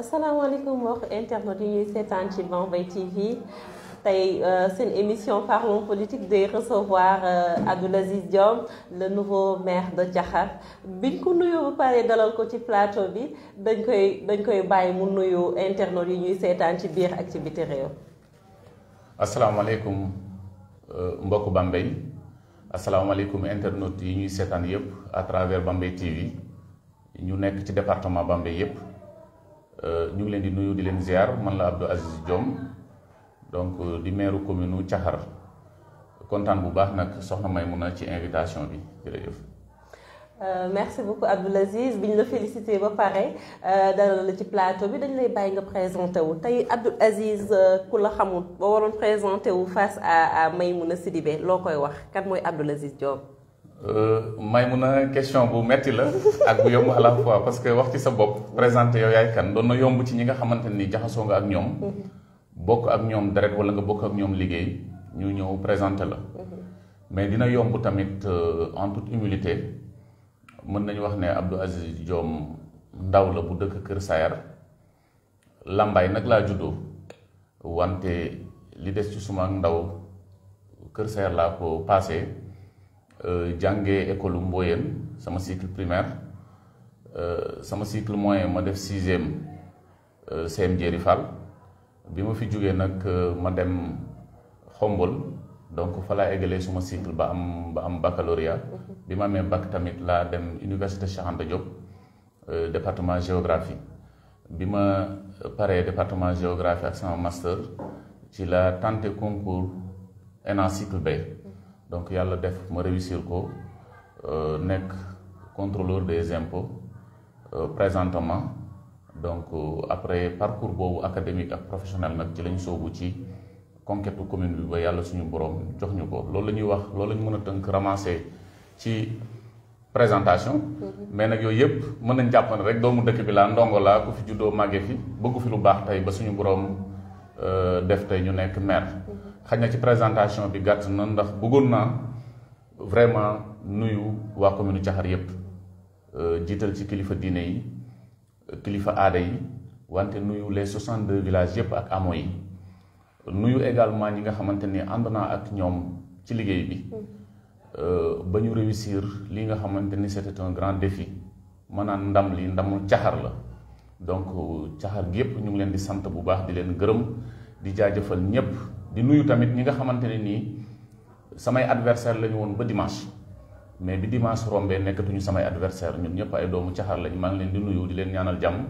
asalaamaaleykum wax internaute yi ñuy seetaan ci Bambey TV C'est seen émission parlons politique de recevoir euh, Abdoul Aziz Diom, le nouveau maire de Diakhar biñ ko nuyoo ba pare dalal ko ci plateau bi dañ koy dañ koy bàyyi mu nuyu internaute yi ñuy seetaan ci biir activité réew. asalaamaaleykum euh, mbokku Bambey asalaamaaleykum internaute yi ñuy seetaan yépp à travers Bambey TV ñu nekk ci département Bambey yépp. Euh, ñu ngi leen di nuyu di leen ziar man la Abdou Aziz Diom donc euh, di maire commune u Caxar kontaan bu baax nag soxna Maymuna ci invitation bi jërëjëf. Euh, merci beaucoup Abdou Aziz bi ñu la félicité ba pare dalal la ci plateau bi dañ lay bàyyi nga présenté wu tey Abdou Aziz ku la xamul ba waroon présenté wu face à à Maymuna Sidibé loo koy wax kan mooy Abdou Aziz Diom. Euh, Maymuna question bu metti la ak bu yomb à la parce que wax ci sa bopp présenté yow yaay kan doon na yomb ci ñi nga xamante ni jaxasoo nga ak ñoom bokk ak ñoom deret wala nga bokk ak ñoom liggéey ñu ñëw présenté la mais dina yomb tamit euh, en toute humilité mën nañu wax ne Abdou Aziz Diome ndaw la bu dëkk Kër Sayar Lambaay nag laa juddoo wante li des ci suma ndaw Kër Sayar laa ko passé Eh, jange école sama cycle primaire eh, sama cycle moyen ma def 6e eh, CM Jéeri fal bima fi jógee nag ma dem xombol donc fa laa eggalee suma cycle ba am ba am baccalauréat mhm. bima ma bac tamit la dem université Cheikh Anta département géographie bima paré département géographie ak sama master ci la tenté concours ENA cycle B donc yàlla def ma réussir ko euh, nekk contrôleur des impôts euh, présentement donc euh, après parcours boobu académique ak professionnel nag ci lañ soobu ci conquête commune bi ba yàlla suñu borom jox ñu ko loolu la ñuy wax loolu lañ mën a tënk ramasser ci présentation mhm. mais nag yooyu yëpp mën nañ jàpp ne rek doomu dëkk bi laa ndongo laa ku fi juddoo màggee fi bëggu fi lu baax tey ba suñu borom def tey ñu nekk maire mhm. xaj na ci présentation bi gàtt na ndax bëggoon naa vraiment nuyu waa commune Caxar yépp euh, jiital ci kilifa diine yi kilifa aada yi wante nuyu les deux villages yépp ak amo yi nuyu également ñi nga xamante ni ànd naa ak ñoom ci liggéey bi mm. euh, ba ñu réussir li nga xamante ni c'était un grand défi maanaam ndam li ndamu Caxar la donc euh, Caxar gi yépp ñu ngi leen di sant bu baax di leen gërëm di jaajëfal ñépp di nuyu tamit ñi nga xamante ne nii samay adversaire la ñu woon ba dimanche mais bi dimanche rombee nekkatuñu samay adversaire ñun ñëpp ay doomu caxar lañ maa ngi leen di nuyu di leen ñaanal jàmm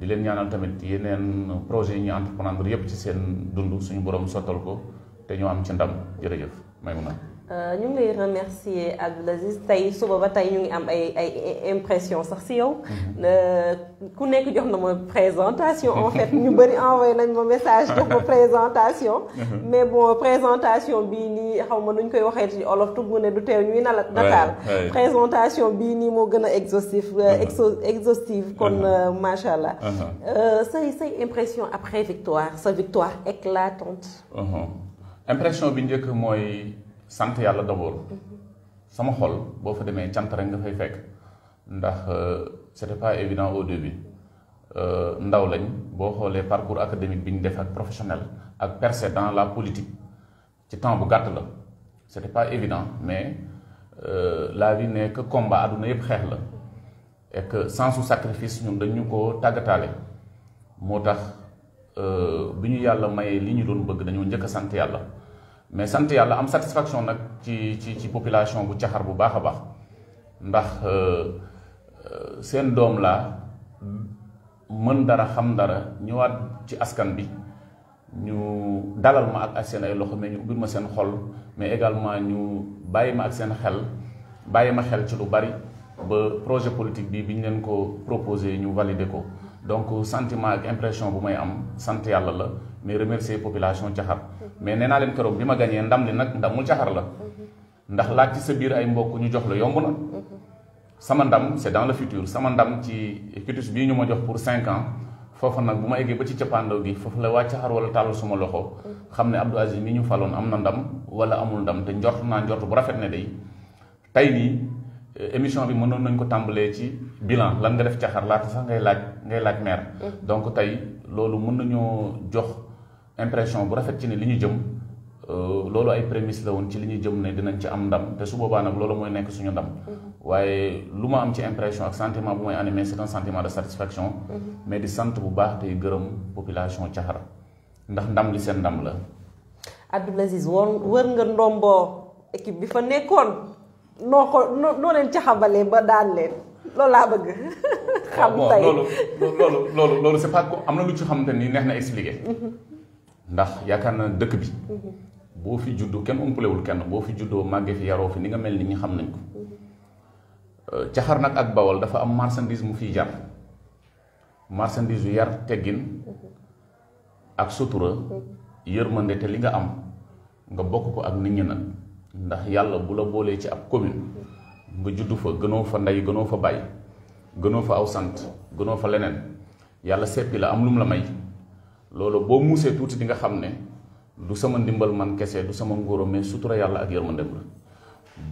di leen ñaanal tamit yeneen projet yi ñu entreprendre yépp ci seen dund suñu borom sottal ko te ñoo am ci ndam jërëjëf may mun a Euh, ñu ngi remercier Abdoul Aziz tey suba ba tey ñu ngi am ay ay impression sax si yow mhm. euh, ku nekk jox na ma présentation en fait ñu bari envoyé nañ ma message jox ma présentation mhm. mais bon présentation bi ni xawma nuñ koy waxé ci olof tugg ne du teew ñuy nala Dakar présentation bi ni mo gëna a exhaustif euh, mhm. exhaustive kon machallah euh say say impression après victoire sa victoire éclatante impression bi ñëk moy sant yàlla d'abord sama xol boo fa demee cant rek nga fay fekk ndax euh, c'était pas évident au début euh, ndaw lañ boo xoolee parcours académique bi ñu def ak professionnel ak percé dans la politique ci temps bu gàtt la c'était pas évident mais euh, la vie n'est que combat àdduna yëpp xeex la et que sans sacrifice ñun dañu ko tàggataale moo tax bi ñu yàlla mayee li ñu doon bëgg dañoo njëkk a sant yàlla mais sant yàlla am satisfaction nag ci ci ci population bu caxar bu baax a baax ndax euh, euh, seen doom laa mën dara xam dara ñëwaat ci askan bi ñu dalal ma ak ak seen ay loxo mais ñu ubbil ma seen xol mais également ñu bàyyi ma ak seen xel bàyyi ma xel ci lu bari ba projet politique bi bi ñu leen ko proposé ñu valider ko donc sentiment ak impression bu may am sant yàlla la mais remercier population Caxar mais nee naa leen keroog bi ma gañee ndam li nag ndamul Caxar la ndax laaj ci sa biir ay mbokk ñu jox la yomb na sama ndam c'est dans la futur sama ndam ci kitus bii ñu ma jox pour cinq ans foofu nag bu ma eggee ba ci cappaandaw gi foofu la waa Caxar wala tàllal suma loxo xam ne Abdou Aziz mi ñu faloon am na ndam wala amul ndam te njort naa njort bu rafet ne day tey nii euh, émission bi mënoon nañ ko tàmbalee ci bilan lan nga def Caxar laata sax ngay laaj ngay laaj maire mm-hmm. donc tey loolu mën nañoo jox impression bu rafet ci ne li ñu jëm euh, loolu ay prémisse la woon ci li ñu jëm ne dinañ ci am ndam te su boobaa nag loolu mooy nekk suñu ndam mm-hmm. waaye lu ma am ci impression ak sentiment bu may animé c'est un sentiment de satisfaction mm-hmm. mais di sant bu baax tey gërëm population Caxar ndax ndam li seen ndam la Abdoul Aziz woon wër nga ndombo équipe bi fa nekkoon noo ko noo leen caxabalee ba daan leen loolu laa bëgg xam tey loolu loolu loolu loolu c'est pas am na lu ci xamante ni neex na expliquer mm-hmm. ndax yaakaar na dëkk bi mhm. boo fi judd kenn umpalewul kenn boo fi juddoo màggee fi yaroo fi ni nga mel ni ñi xam nañ ko mhm. euh, caxar nag ak bawal dafa am marchandise mu fiy jar marchandise yu yar teggin mhm. ak sutura yërmande te li nga am nga bokk ko ak nit ñi nag ndax yàlla bu la boolee ci ab commune nga juddu fa gënoo fa ndey gënoo fa bàyyi gënoo fa aw sant gënoo fa leneen yàlla seppi la am lum la may loolu boo muusee tuuti di nga xam ne du sama ndimbal man kese du sama ngóoro mais sutura yàlla ak yërmandem la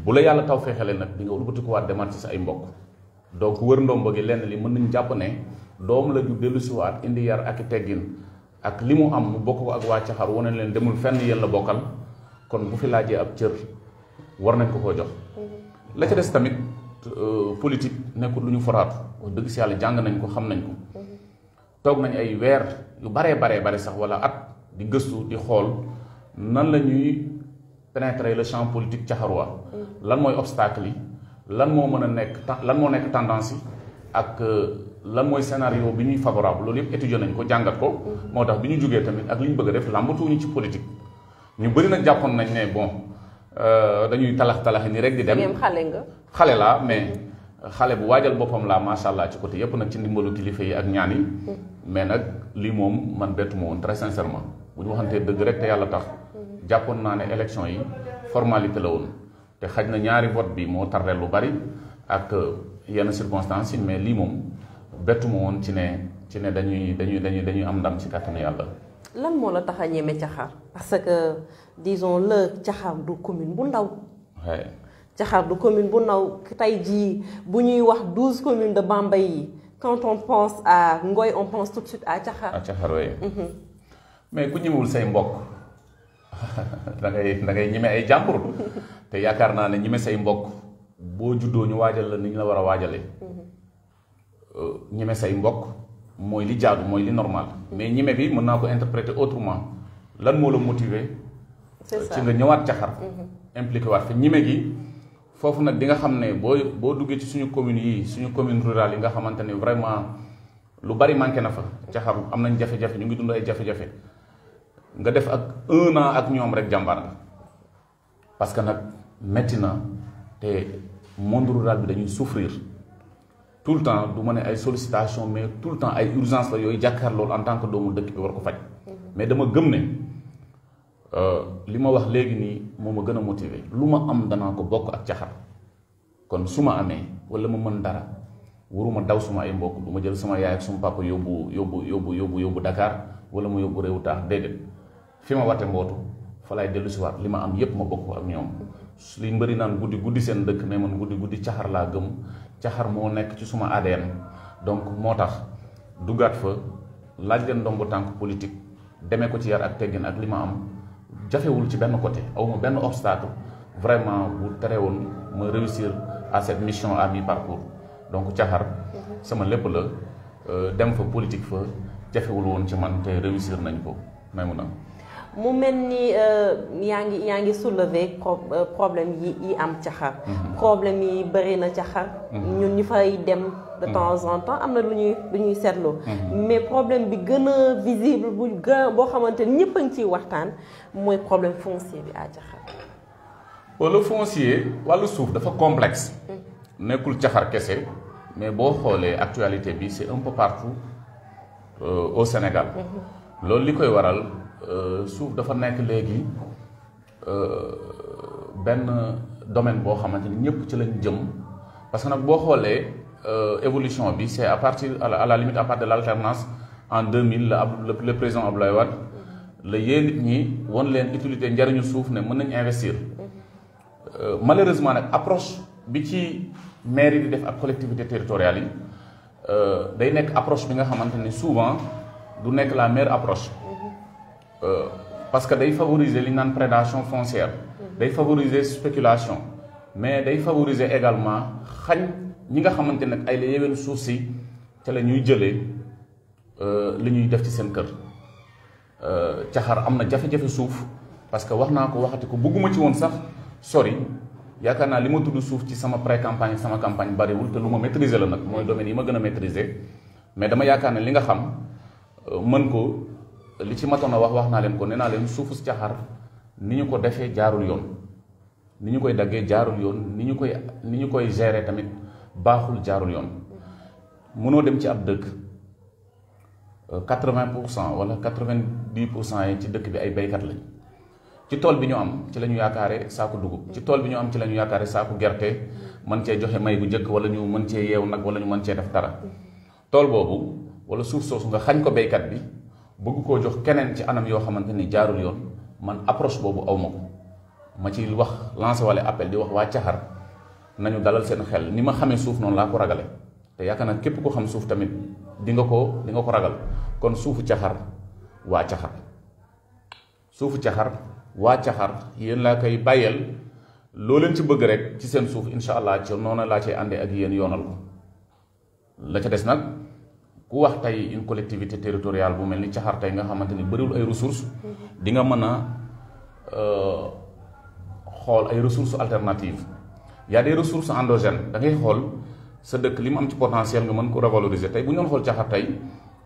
bu la yàlla taw leen nag di nga wëlbati ko waat demaat ci sa ay mbokk donc wër ndombo gi lenn li mën nañ jàpp ne doom la ju dellusiwaat indi yar ak teggin ak li mu am mu bokk ko ak waa Caxar wane leen demul fenn yéen la bokkal kon bu fi laajee ab cër war nañ ko koo jox la ca des tamit euh, politique nekkul lu ñu foraatu wax dëgg si yàlla jàng nañ ko xam nañ ko toog nañ ay weer yu baree baree bare sax wala at di gëstu di xool nan la ñuy pénétrer le champ politique caxarwa mm. lan mooy obstacle yi lan moo mën a nekk lan moo nekk tendance yi ak euh, lan mooy scénario bi ñuy favorable loolu yëpp étudier nañ ko jàngat ko mm-hmm. moo tax bi ñu jógee tamit ak li ñu bëgg a def ñu ci politique ñu bëri nag jàppoon nañ ne bon euh, dañuy talax talax ni rek di dem xale xale laa mais mm-hmm. xale bu waajal boppam laa macha allah ci côté yépp nag ci ndimbalu kilifa yi ak ñaan yi mais nag lii moom man bettuma woon très sincèrement bu ñu te dëgg rek te yàlla tax jàppoon naa ne élection yi formalité la woon te xaj na ñaari vote bi moo tardé lu bari ak euh, yenn circonstances yi mais lii moom bettuma woon ci ne ci ne dañuy dañuy dañuy dañuy am ndam ci kàttanu yàlla. lan moo la tax a ñeme caxaar parce que disons Jaxardu commune bu naw tey jii bu ñuy wax douze communes de Bambey yi quand on pense à Ngoy on pense tout de suite à Caxar. à Caxar oui. Mhm. mais ku ñemewul say mbokk da dangay da ñeme ay jàmbur te yaakaar naa ne ñeme say mbokk boo juddoo ñu waajale la ni ñu la war a waajalee. Mhm. ñeme say mbokk mooy li jaadu mooy li normal mhm. mais ñeme bi mën naa ko interpréter autrement lan moo la motiver. ci nga ñëwaat Caxar. impliqué waat fa ñime gi. fofu nak di nga xam bo bo duggé ci suñu commune yi suñu commune rurale yi nga xamante vraiment lu bari manké na fa ca xam am nañ jafe-jafe ñu ngi dund ay jafé jafé nga def ak 1 an ak ñom rek jambar nga parce que nak metti na té monde rural bi dañuy souffrir tout le temps du mané ay sollicitation mais tout le temps ay urgence la yooyu lool en tant que doomu dëkk bi war ko faj mm-hmm. mais dama gëm né Euh, li ma wax léegi nii moo ma gën a motiver lu ma am danaa ko bokk ak caxar kon su ma amee wala ma mën dara waruma daw suma ay mbokk du ma jël sama yaay ak suma papa yóbbu yóbbu yóbbu yóbbu yóbbu Dakar wala ma yóbbu réewu taax déedéet fi ma wate mbootu fa laay dellu si waat li ma am yépp ma bokk ak ñoom li mbëri naan guddi guddi seen dëkk mais man guddi guddi caxar laa gëm caxar moo nekk ci suma ADN donc moo tax dugaat fa laaj leen ndombu tànk politique demee ko ci yar ak teggin ak li ma am jafewul ci ben côté aw ben benn obstacle vraiment bu terewoon ma réussir à cette mission à mi parcours donc Caxar mhm. sama lépp la euh, dem fa politique fa jafewul woon ci man te réussir nañ ko may mu mel ni euh, yaa ngi yaa ngi soulever euh, problème yi yi am ca xar mhm. problème yi bëri na ca xar mhm. ñun ñu fay dem de mhm. temps en temps am na lu ñuy lu ñuy seetlu mais problème bi gën a visible bu gën boo xamante ni ñëpp a ngi ciy waxtaan mooy problème foncier bi à ca xar wala foncier wàllu suuf dafa complexe nekkul caxar kese mais boo xoolee actualité bi c'est un peu partout euh, au Sénégal loolu li koy waral euh, suuf dafa nekk léegi euh, benn domaine boo xamante ni ñëpp ci lañ jëm parce que nag boo xoolee euh, évolution bi c'est à partir à la limite à partir de l'alternance en 2000 la le président Abdoulaye Wade la yee nit ñi won leen utilité njariñu suuf ne mën nañ investir malheureusement nag approche bi ci mairie di def ak collectivité territoriale yi day nekk approche bi nga xamante ni souvent du nekk la meilleure approche euh, parce que day favoriser li prédation foncière day favoriser spéculation mais day favoriser également xagn ñi nga xamanté ay la ñuy euh, li ñuy def ci kër euh, parce que waxati ko bëgguma ci sax ci sama campagne sama campagne maîtriser domaine mais dama yakarna li ci matoon a wax wax naa leen ko ne naa leen suufus caxar ni ñu ko defee jaarul yoon ni ñu koy daggee jaarul yoon ni ñu koy ni ñu koy gérer tamit baaxul jaarul yoon mënoo dem ci ab dëkk euh, quatre-vingt pour cent wala quatre vingt pour cent yi ci dëkk bi ay baykat lañ ci tool bi ñu am ci la ñu yaakaare saaku dugub ci tool bi ñu am ci la yaakaare saaku gerte mën cee joxe may bu njëkk wala ñu mën cee yeew nag wala ñu mën cee def dara tool boobu wala suuf soosu nga xañ ko baykat bi bëgg koo jox keneen ci anam yoo xamante ni jaarul yoon man approche boobu aw ma ko ma ci wax lancé wala appel di wax waa caxar nañu dalal seen xel ni ma xamee suuf noonu laa ko ragale te yaakaar naa képp ko xam suuf tamit di nga ko dinga ko ragal kon suufu caxar waa caxar suufu caxar waa caxar yéen laa koy bàyyeel loo leen ci bëgg rek ci seen suuf incha allah ci noonu laa cay àndee ak yéen yoonal ko la ca des nag. ku wax tay une collectivité territoriale bu melni ci caxar dengan nga xamanteni beurul ay ressources mhm. di nga mën euh xol ay ressources alternatives ya des ressources endogènes da ngay xol sa dëkk limu am ci potentiel nga mën ko revaloriser you bu ñu you you you tey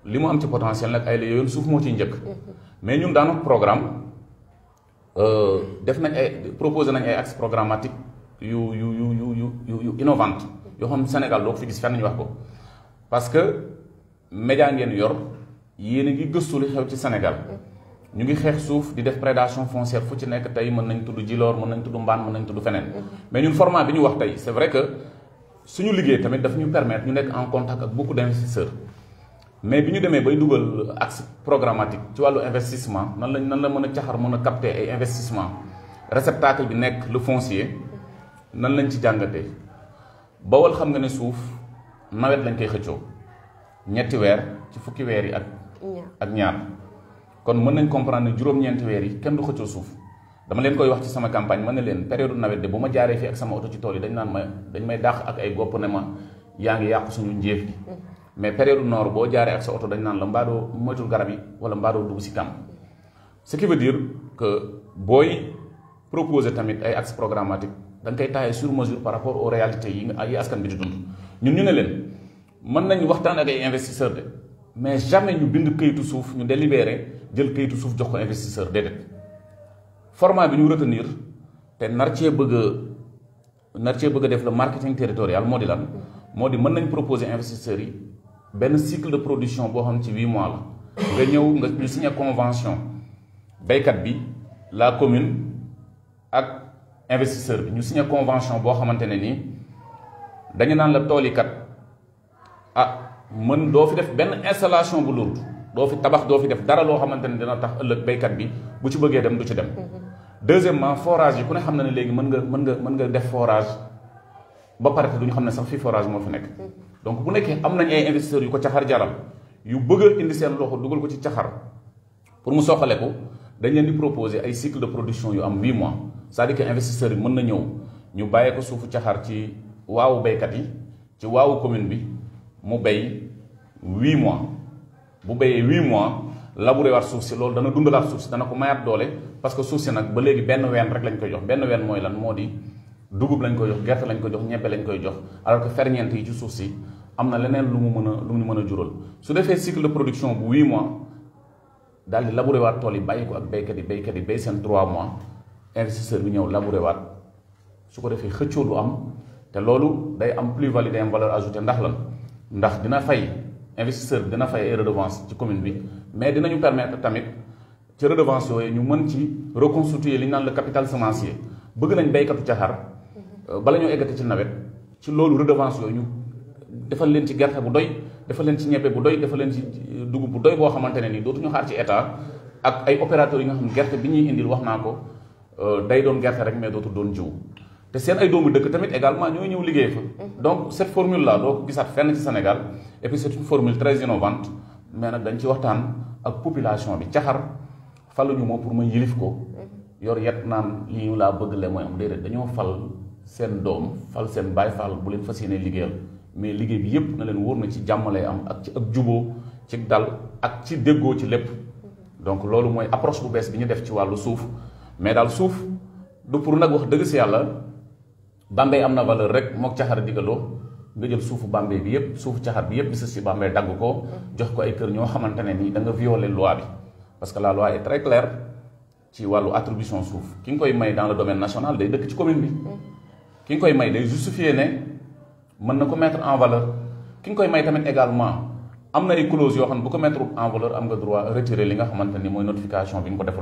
li am ci potentiel nak ay layoon suuf mo ci ñëk mhm. mais ñun daan programme euh, def nañ ay proposer nañ ay axe programmatique yu yu yu yu yu yu innovante yo xam Sénégal do fi gis fenn ñu wax ko parce que média ngeen yor yéen a ngi gëstu li xew ci Sénégal mm-hmm. ñu ngi xeex suuf di def prédation foncière fu ci nekk tey mën nañ tudd Djilor mën nañ tudd Mbane mën nañ tudd feneen mm-hmm. mais ñun format bi ñu wax tey c'est vrai que suñu liggéey tamit daf ñu permettre ñu nekk en contact ak beaucoup d'investisseurs mais bi ñu demee bay dugal axe programmatique ci wàllu investissement nan lañ nan la mën a caxar mën a capter ay investissement réceptacle bi nekk le foncier nan lañ ci jàngatee bawal xam nga ne suuf nawet lañ koy xëccoo ñetti weer ci fukki weer yi ak ak ñaar kon mën nañ comprendre ne juróom-ñeenti weer yi kenn du xëccoo suuf dama leen koy wax ci sama campagne ma ne leen période nawet de bu ma jaaree fii ak sama oto ci tool yi dañ naan ma dañ may dàq ak ay gopp ne ma yaa ngi yàqu suñu njeef gi mm. mais période noor boo jaaree ak sa oto dañ naan la mbaadoo moytul garab yi wala mbaadoo dugg si kam ce qui veut dire que booy proposer tamit ay axe programmatique da nga koy taayee sur mesure par rapport aux réalités yi nga yi askan bi di dund ñun ñu ne leen mën nañu waxtaan ak ay investisseur de mais jamais ñu bind kayitu suuf ñu délibéré jël kayitu suuf jox ko investisseur déedéet format bi ñu retenir te nar cee bëgg a nar cee bëgg def le marketing territorial moo di lan moo di mën nañ proposer investisseurs yi benn cycle de production boo xam ci 8 mois la nga ñëw nga ñu signé convention béykat bi la commune ak investisseur bi ñu signé convention boo xamante ne nii dañu naan la tool yi kat ah mën doo fi def benn installation bu lourd doo fi tabax doo fi def dara loo xamante ni dina tax ëllëg baykat bi bu ci bëggee dem du ci dem. Mm-hmm. deuxièmement forage yi ku ne xam na ne léegi mën nga mën nga mën nga def forage ba pare te du ñu xam ne sax fii forage moo fi nekk. Mm-hmm. donc bu nekkee am nañ ay investisseurs yu ko caxar jaral yu bëgg a indi seen loxo dugal ko ci caxar pour mu soxale ko dañ leen di proposer ay cycle de production yu am 8 mois c'est-à-dire que yi mën na ñëw ñu bàyyee ko suufu caxar ci waawu béykat yi ci waawu commune bi. mu bay 8 mois bu baye 8 mois labouré waat suuf si loolu dana dundalaat suuf si dana ko mayat doole parce que suuf si nag ba léegi ben wène rek lañ koy jox ben wène moy lan modi dugub lañ koy jox gerte lañ koy jox ñebbe lañ koy jox alors que ferñent yi ci suuf si am leneen lu mu mën lu mu mën a jural su defee cycle de production bu 8 mois dal di labouré waat tool yi bàyyi ko ak béykat yi béykat yi bay sen 3 mois investisseur bi ñew labouré waat su ko defee xëccoo du am te loolu day am plus value day am valeur ajoutée ndax lan ndax dina fay investisseur bi dina fay ay redevance ci commune bi mais dinañu permettre tamit ci redevance yooyu ñu mën ci reconstituer li ñu naan le capital semencier bëgg nañ béykatu caxar euh, bala ñu eggati ci nawet ci loolu redevance yooyu ñu defal leen ci gerte bu doy defal leen ci ñebbe bu doy defal leen ci euh, dugub bu doy boo xamante ne nii dootuñu xaar ci état ak ay opérateurs yi nga xam gerte bi ñuy indil wax naa ko euh, day doon gerte rek mais dootul doon jiw te seen ay doomu dëkk tamit également ñooy ñëw liggéey fa. Mhm. donc cette formule là doo ko gisaat fenn ci Sénégal et puis c' est une formule très innovante mais nag dañ ci waxtaan ak population bi caxar faluñu moo pour ma yilif ko. Mhm. yor yet naan lii ñu laa bëgg le mooy am déedéet dañoo fal seen doom fal seen baay fal bu leen fas yéene liggéeyal mais liggéey bi yépp na leen wóor na ci jàmm am ak ci ak juboo ci dal ak ci déggoo ci lépp. Mhm. donc loolu mooy approche bu bees bi ñu def ci wàllu suuf mais daal suuf du pour nag wax dëgg si yàlla. Bambey amna valeur rek mok caxar digelo nga jël suufu Bambey bi yépp suufu caxar bi yépp di sës si Bambey ko jox ko ay kër ño xamante ne da nga violer loi bi parce que la loi est très claire ci walu attribution souf ki nga koy may dans le domaine national day dëkk ci commune bi ki nga koy may day justifier né man na ko mettre en valeur ki nga koy may tamit également amna na ay clause yo xamne bu ko mettre en valeur am nga droit retirer li nga xamante moy notification bi nga ko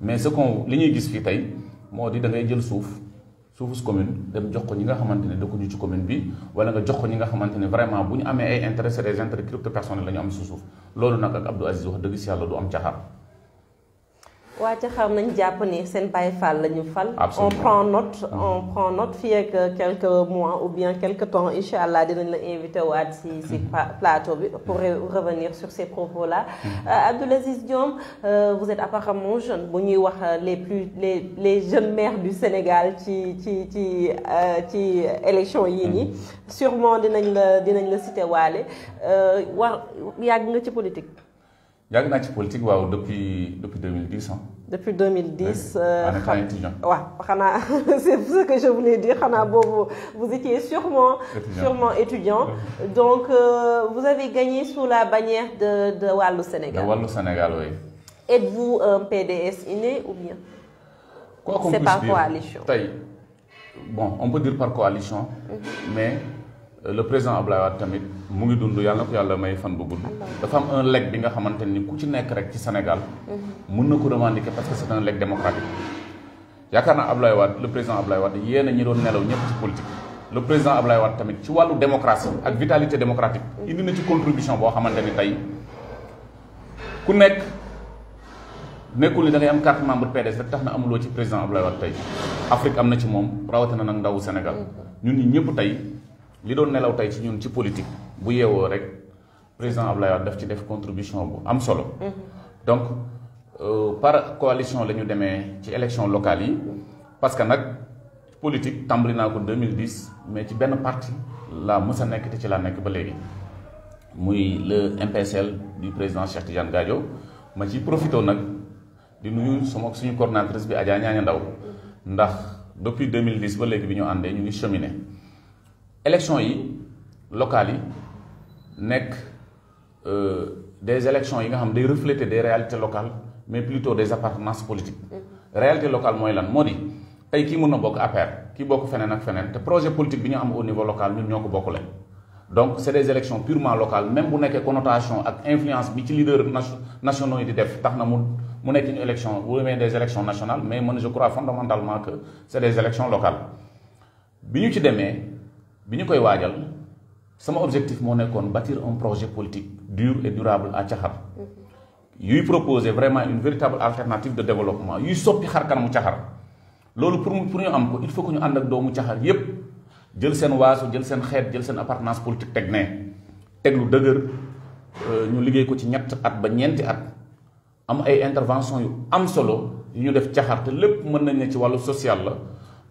mais ce qu'on li ñuy gis fii tey moo da ngay jël souf suufus commune dem jox ko ñi nga xamante ne dëkkuñu ci commune bi wala nga jox ko ñi nga xamante ne vraiment bu ñu amee ay intérêt c'est des intérêts crypto personnels la ñu am si suuf loolu nag ak Abdou Aziz wax dëgg si yàlla du am caxaar waa xam nañ jàpp ni seen Baye Fall lañu on prend note mm-hmm. on prend note fii ak quelques mois ou bien quelques temps incha allah dinañ la invité waat si mm-hmm. plateau bi pour revenir sur ces propos là. Mm-hmm. Euh, Abdoul Diom euh, vous êtes apparemment jeune bu ñuy wax euh, les plus les les jeunes maires du Sénégal ci ci ci ci élection yi Vous sûrement dinañ la dinañ la cité waale war yàgg nga ci politique. Y'a une en politique depuis 2010 depuis 2010. en étudiant c'est ce que je voulais dire vous étiez sûrement. étudiant sûrement étudiant. donc euh, vous avez gagné sous la bannière de de Wallo Sénégal. de Sénégal oui. êtes-vous un PDS inné ou bien. c'est par coalition. bon on peut dire par coalition. Mhm. mais. le président Abdoulaye Wade tamit mu ngi dund yàlla na ko yàlla may fan bu gudd. dafa am un leg bi nga xamante ni ku ci nekk rek ci Sénégal. mën mhm. na ko revendiquer parce que c'est un leg démocratique. yaakaar naa Abdoulaye Wade le président Abdoulaye waat yéen a ñi doon nelaw ñëpp ci politique. le président Abdoulaye Wade tamit ci wàllu démocratie ak vitalité démocratique. Mhm. indi na ci contribution boo xamante ni tey ku nekk nekkul ni da am carte membre PDS rek tax na amuloo ci président Abdoulaye Wade tey. Afrique am na ci moom rawatina nag ndawu Sénégal mhm. li doon nelaw tey ci ñun ci politique bu yeewoo rek président Abdoulaye Wade def ci def contribution bu am solo. donc euh, par coalition la ñu demee ci élection locale yi. parce que nag politique tàmbali naa ko 2010 mais ci benn parti laa mës a nekk te ci laa nekk ba léegi. muy le MPSL du président Cheikh Tidiane Gadio ma ci profité nag di nuyu sama suñu coordonnatrice bi Adja Ñaaña Ndaw ndax depuis 2010 ba léegi bi ñu àndee ñu ngi cheminé. élections yi locales yi euh, des élections yi nga xam day des réalités locales mais plutôt des appartenances politiques mm-hmm. réalité locale locales lan moo di tey kii mën na bokk APR kii bokk feneen ak feneen te projet politique bi ñu am au niveau local ñun ko donc ce sont des élections purement locales même bu nekkee connotation ak influence bi ci leader nationaux yi di def tax na élection des élections nationales mais je crois fondamentalement que ce sont des élections locales bi ñu ci demee bi koy wajal sama objectif mo nekkone bâtir un projet politique dur et durable à Caxar yuy proposer vraiment une véritable alternative de développement yuy soppi xar kanamu Caxar loolu pour pour ñu am ko il faut que ñu and ak doomu Caxar yépp jël sen waasu jël sen xeet jël sen appartenance politique teg ne teg dëgër euh, ñu liggéey ko ci ñett at ba ñeenti at am ay intervention yu am solo yu def Caxar te lepp mën nañ ne ci walu social la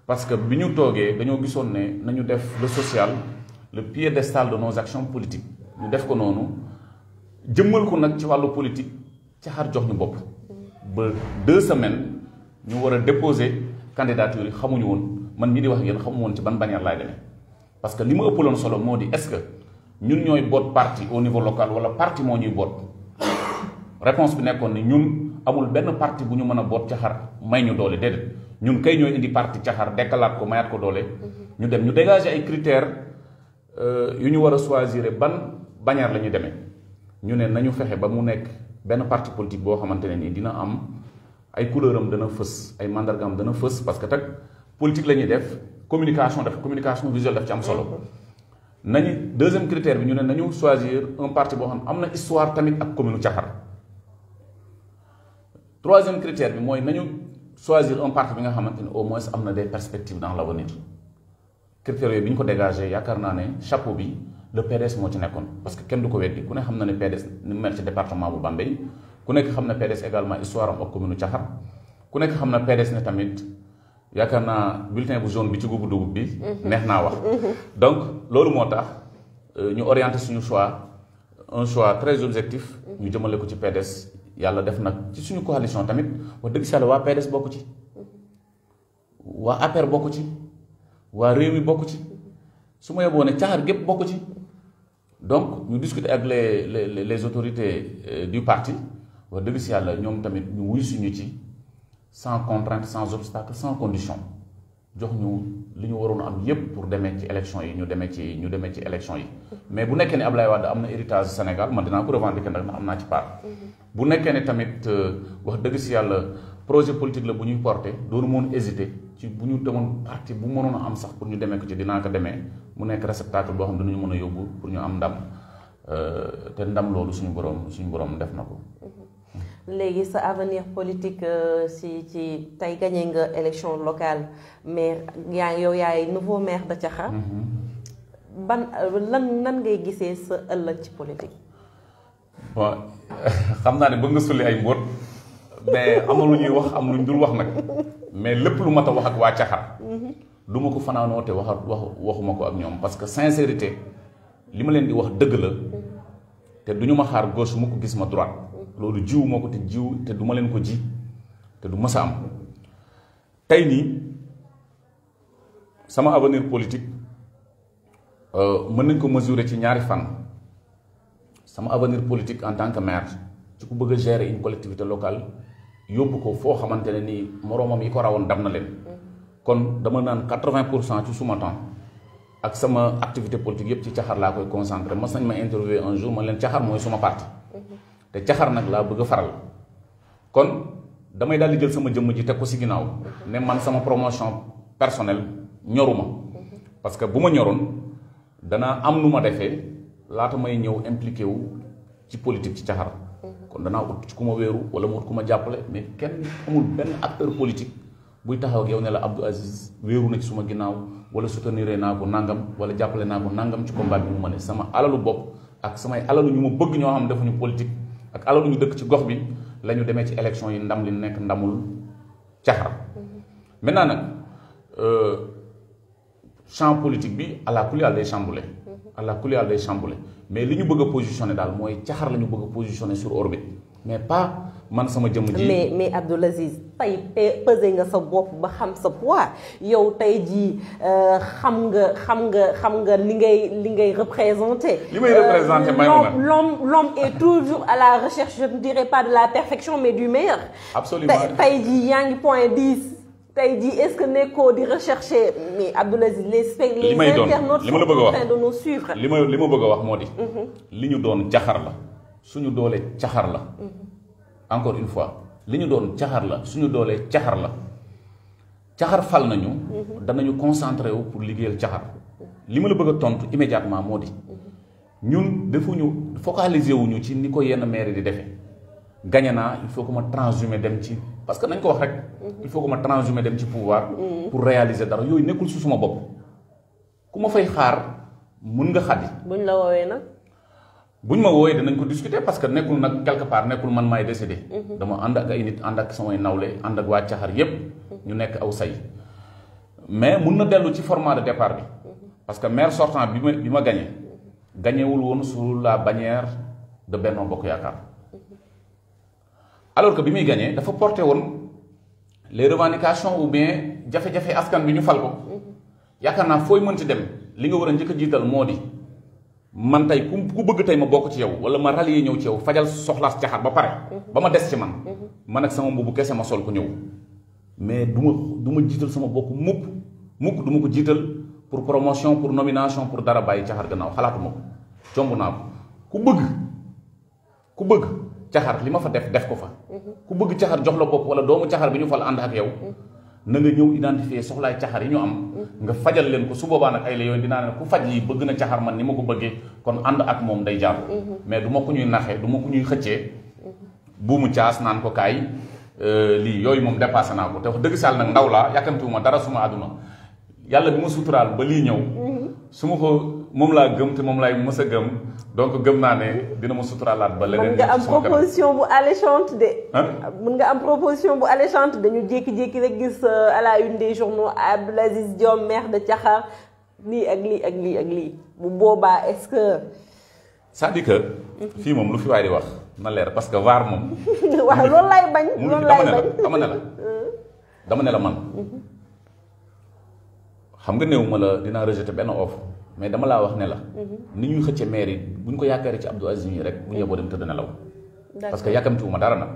parce que bi ñu toogee dañoo gisoon nañu def le social le pied piédestal de nos actions politiques ñu def ko noonu jëmmal ko nag ci wàllu politique ci xar jox ñu bopp ba deux semaines ñu war déposer candidature yi xamuñu woon man mii di wax yéen xamu woon ci ban bannière laay demee parce que li ma ëppaloon solo moo di est-ce que ñun ñooy boot parti au niveau local wala parti moo ñuy boot réponse bi nekkoon ni ñun amul benn parti bu ñu mën a boot ca xar may ñu doole déedéet ñun kay indi parti caxar dekkalaat ko mayat ko doole. Mhm. ñu dem ñu dégager ay critères euh, yu ñu a choisir ban ñu nañu ba mu nekk parti politique boo ne dina am ay dana parce que politique la communication communication visuelle daf ci am solo. Mhm. nañu deuxième critère nous ñu ne choisir un parti boo xam histoire tamit ak troisième critère nous choisir un parti nga xamante au moins am des perspectives dans l'avenir. avenir critères yooyu ko dégagé yaakaar naa chapeau bi le PDS moo ci nekkoon parce que kenn du ko weddi ku ne PDS ni mu ci département bu Bambey ku nekk xam PDS également histoire am ak commune de ku nekk xam na PDS ne tamit yaakaar bulletin bu zone bi ci guubu bi. Mhm. neex wax. Mhm. donc loolu moo nous euh, ñu orienté suñu choix un choix très objectif. ñu jëmale ko ci PDS yalla def nak ci suñu coalition tamit wa deug si wa PDS bokk ci wa aper bokk ci wa rewmi mi ci suma yobone yeboo ne caxar ci donc ñu discuter avec les les les autorités euh, du parti wa deug yalla ñom tamit ñu wuy suñu ci sans contrainte sans obstacle sans condition jox ñu li ñu waroon am yépp pour demee ci élection yi ñu demee ci ñu demee ci élection yi mais bu nekkee ne Ablaye Wade am na héritage Sénégal man dinaa ko revendiquer ndax am naa ci part mhm. bu nekkee ne tamit euh, wax dëgg si yàlla projet politique la bu ñuy porté doonu moon hésité ci bu ñu demoon parti bu mënoon a am sax pour ñu demee ko ci dinaa ko demee mu nekk réceptacle boo xam ne dinañu mën a yóbbu pour ñu am ndam euh, te ndam loolu suñu borom suñu borom def na ko mhm. léegi sa avenir politique euh, si ci tey gagné nga élection locale mais yaa yow yaay nouveau maire de Thiakha mm-hmm. ban euh, lan nan ngay gisee sa ëllëg ci politique bon xam naa ne ba nga ay mbóot mais am na lu ñuy wax am lu ñu dul wax nag mais lépp lu mat a wax ak waa Thiakha mm-hmm. du ma ko fanaanoo te wax wax waxuma ko ak ñoom parce que sincérité li ma leen di wax dëgg la mm-hmm. te du ñu ma xaar gauche mu ko gis ma droite lolu jiw moo te jiw te du len ko ji te du massa am tay ni sama avenir politique meun nañ ko mesurer ci ñaari fan sama avenir politique en tant que maire ci ku bëgg gérer une collectivité locale yob ko fo xamantene ni moromam yi ko rawon dam na len kon dama nan 80 ci suma temps ak sama activité politique yëpp ci caxar la koy concentrer ma sañ ma interviewer un jour ma len caxar moy suma parti te caxar nag laa bëgg a faral kon damay daal jël sama jëmm ji teg ko si ginnaaw ne man sama promotion personnelle ñoruma parce que bu ma ñoroon danaa am nu ma defee laata may ñëw impliqué wu ci politique ci caxar kon danaa ut ku ma wéeru wala mu ut ku ma jàppale mais kenn amul benn acteur politique buy taxaw ak yow ne la Abdou Aziz wéeru na ci suma ginnaaw wala soutenir naa ko nangam wala jàppale naa ko nangam ci combat bi mu ma ne sama alalu bopp a samay alalu ñu ma bëgg ñoo xam defuñu politique ak alalu ñu dëkk ci gox bi la ñu demee ci élection yi ndam li nekk ndamul caxar maintenant nag euh, champ politique bi à la kuliyal day chamboulé à la kuliyal day chamboulé mais li ñu bëgg a positionné daal mooy caxar la ñu bëgg a positionné sur orbite mais pas man sama jëmm ji. mais mais Abdoulaziz tey peser nga sa bop ba xam sa poids yow tay tey euh xam nga xam nga xam nga li ngay li ngay représenter li may représenté Maïmouna euh, l'homme l'homme est toujours à la recherche je ne dirais pas de la perfection mais du meilleur. absolument tay jii yaa ngi point 10. tay jii est-ce que nekkoo di rechercher mais Abdoulaziz les spectateurs les internautes sont en train de nous suivre. li may ma bëgg wax li ma li bëgg wax moo mhm. li ñu doon jaxar la suñu doole caxar la encore une fois li ñu doon caxar la suñu doole caxar la caxar fal nañu danañu concentré wu pour liggéeyal caxar li ma la bëgg a tontu immédiatement moo di ñun defuñu focaliser wuñu ci ni ko yenn maire di defee gañe naa il faut que ma transhumer dem ci parce que nañ ko wax rek il faut que ma transhumer dem ci pouvoir pour réaliser dara yooyu nekkul su suma bopp ku ma fay xaar mun nga xaddi buñ la woowee nag bu ñu ma wooyee danañ ko discuter parce que nekkul nag quelque part nekkul man maay décidé. Mhm. dama ànd ak ay nit ànd ak samay nawle ànd ak waa Caxar yépp mhm. ñu nekk aw say. mais mun na dellu ci format de départ bi. Mhm. parce que maire sortant bi ma bi ma gagné. gañewul woon su la bannière de Benno Bokk Yaakaar. alors que bi muy gañee dafa porté woon les revendications ou bien jafe-jafe askan bi ñu fal ko. yaakaar naa fooy mënti dem li nga war a njëkk jiital moo di. man tey ku ku bëgg tey ma bokk ci yow wala ma rallier ñëw ci yow fajal soxlaas caxaar ba pare mm-hmm. ba ma des ci man mm-hmm. man ak sama mbubu kese ma sol ko ñëw mais du ma du ma jiital sama bokk mukk mukk duma ko jiital pour promotion pour nomination pour dara bàyyi caxaar gannaaw xalaatuma ko jomb naa ko ku bëgg ku bëgg caxaar li ma fa def def ko fa mm-hmm. ku bëgg caxaar jox la bopp wala doomu caxaar bi ñu fal ànd ak yow na nga ñëw identifier soxlaay caxar yi ñu am nga fajal leen ko su boobaa nag ay la yooyu dinaa ne ku faj lii bëgg na caxar man ni ma ko bëggee kon ànd ak moom day jàll mm-hmm. mais du ma ko ñuy naxee du ma ko ñuy xëccee bu mu caas naan ko kaay euh, lii yooyu moom dépassé naa ko te wax dëgg sàll nag ndaw laa yàkkamtiwu ma dara suma àdduna yàlla bi ma suturaal ba lii ñëw mm-hmm. su ko mom la gëm te mom lay mësa gëm donc gëm na né dina ma suturaalaat ba leneen. nga am proposition bu alléchante de. mën nga am proposition bu alléchante dañu jékki-jékki rek gis euh, à la une des journaux Abdelaziz Diom maire de Thiakhar li ak li ak li ak li bu boba est-ce que. ça dit que. Mhm. fi mom lu fi way di wax na lèr parce que war mom waaw lool lay bañ. lool lay bañ dama ne la dama ne la man. Mhm. xam nga néew la dina rejeter ben offre. mais dama laa wax ne la. Mhm. ni ñuy xëcce maire yi bu ñu ko yaakaaree ci Abdou Aziz yi rek bu ñu yeboo dem tëdd nelaw. parce que yàkkamtiwuma dara nag.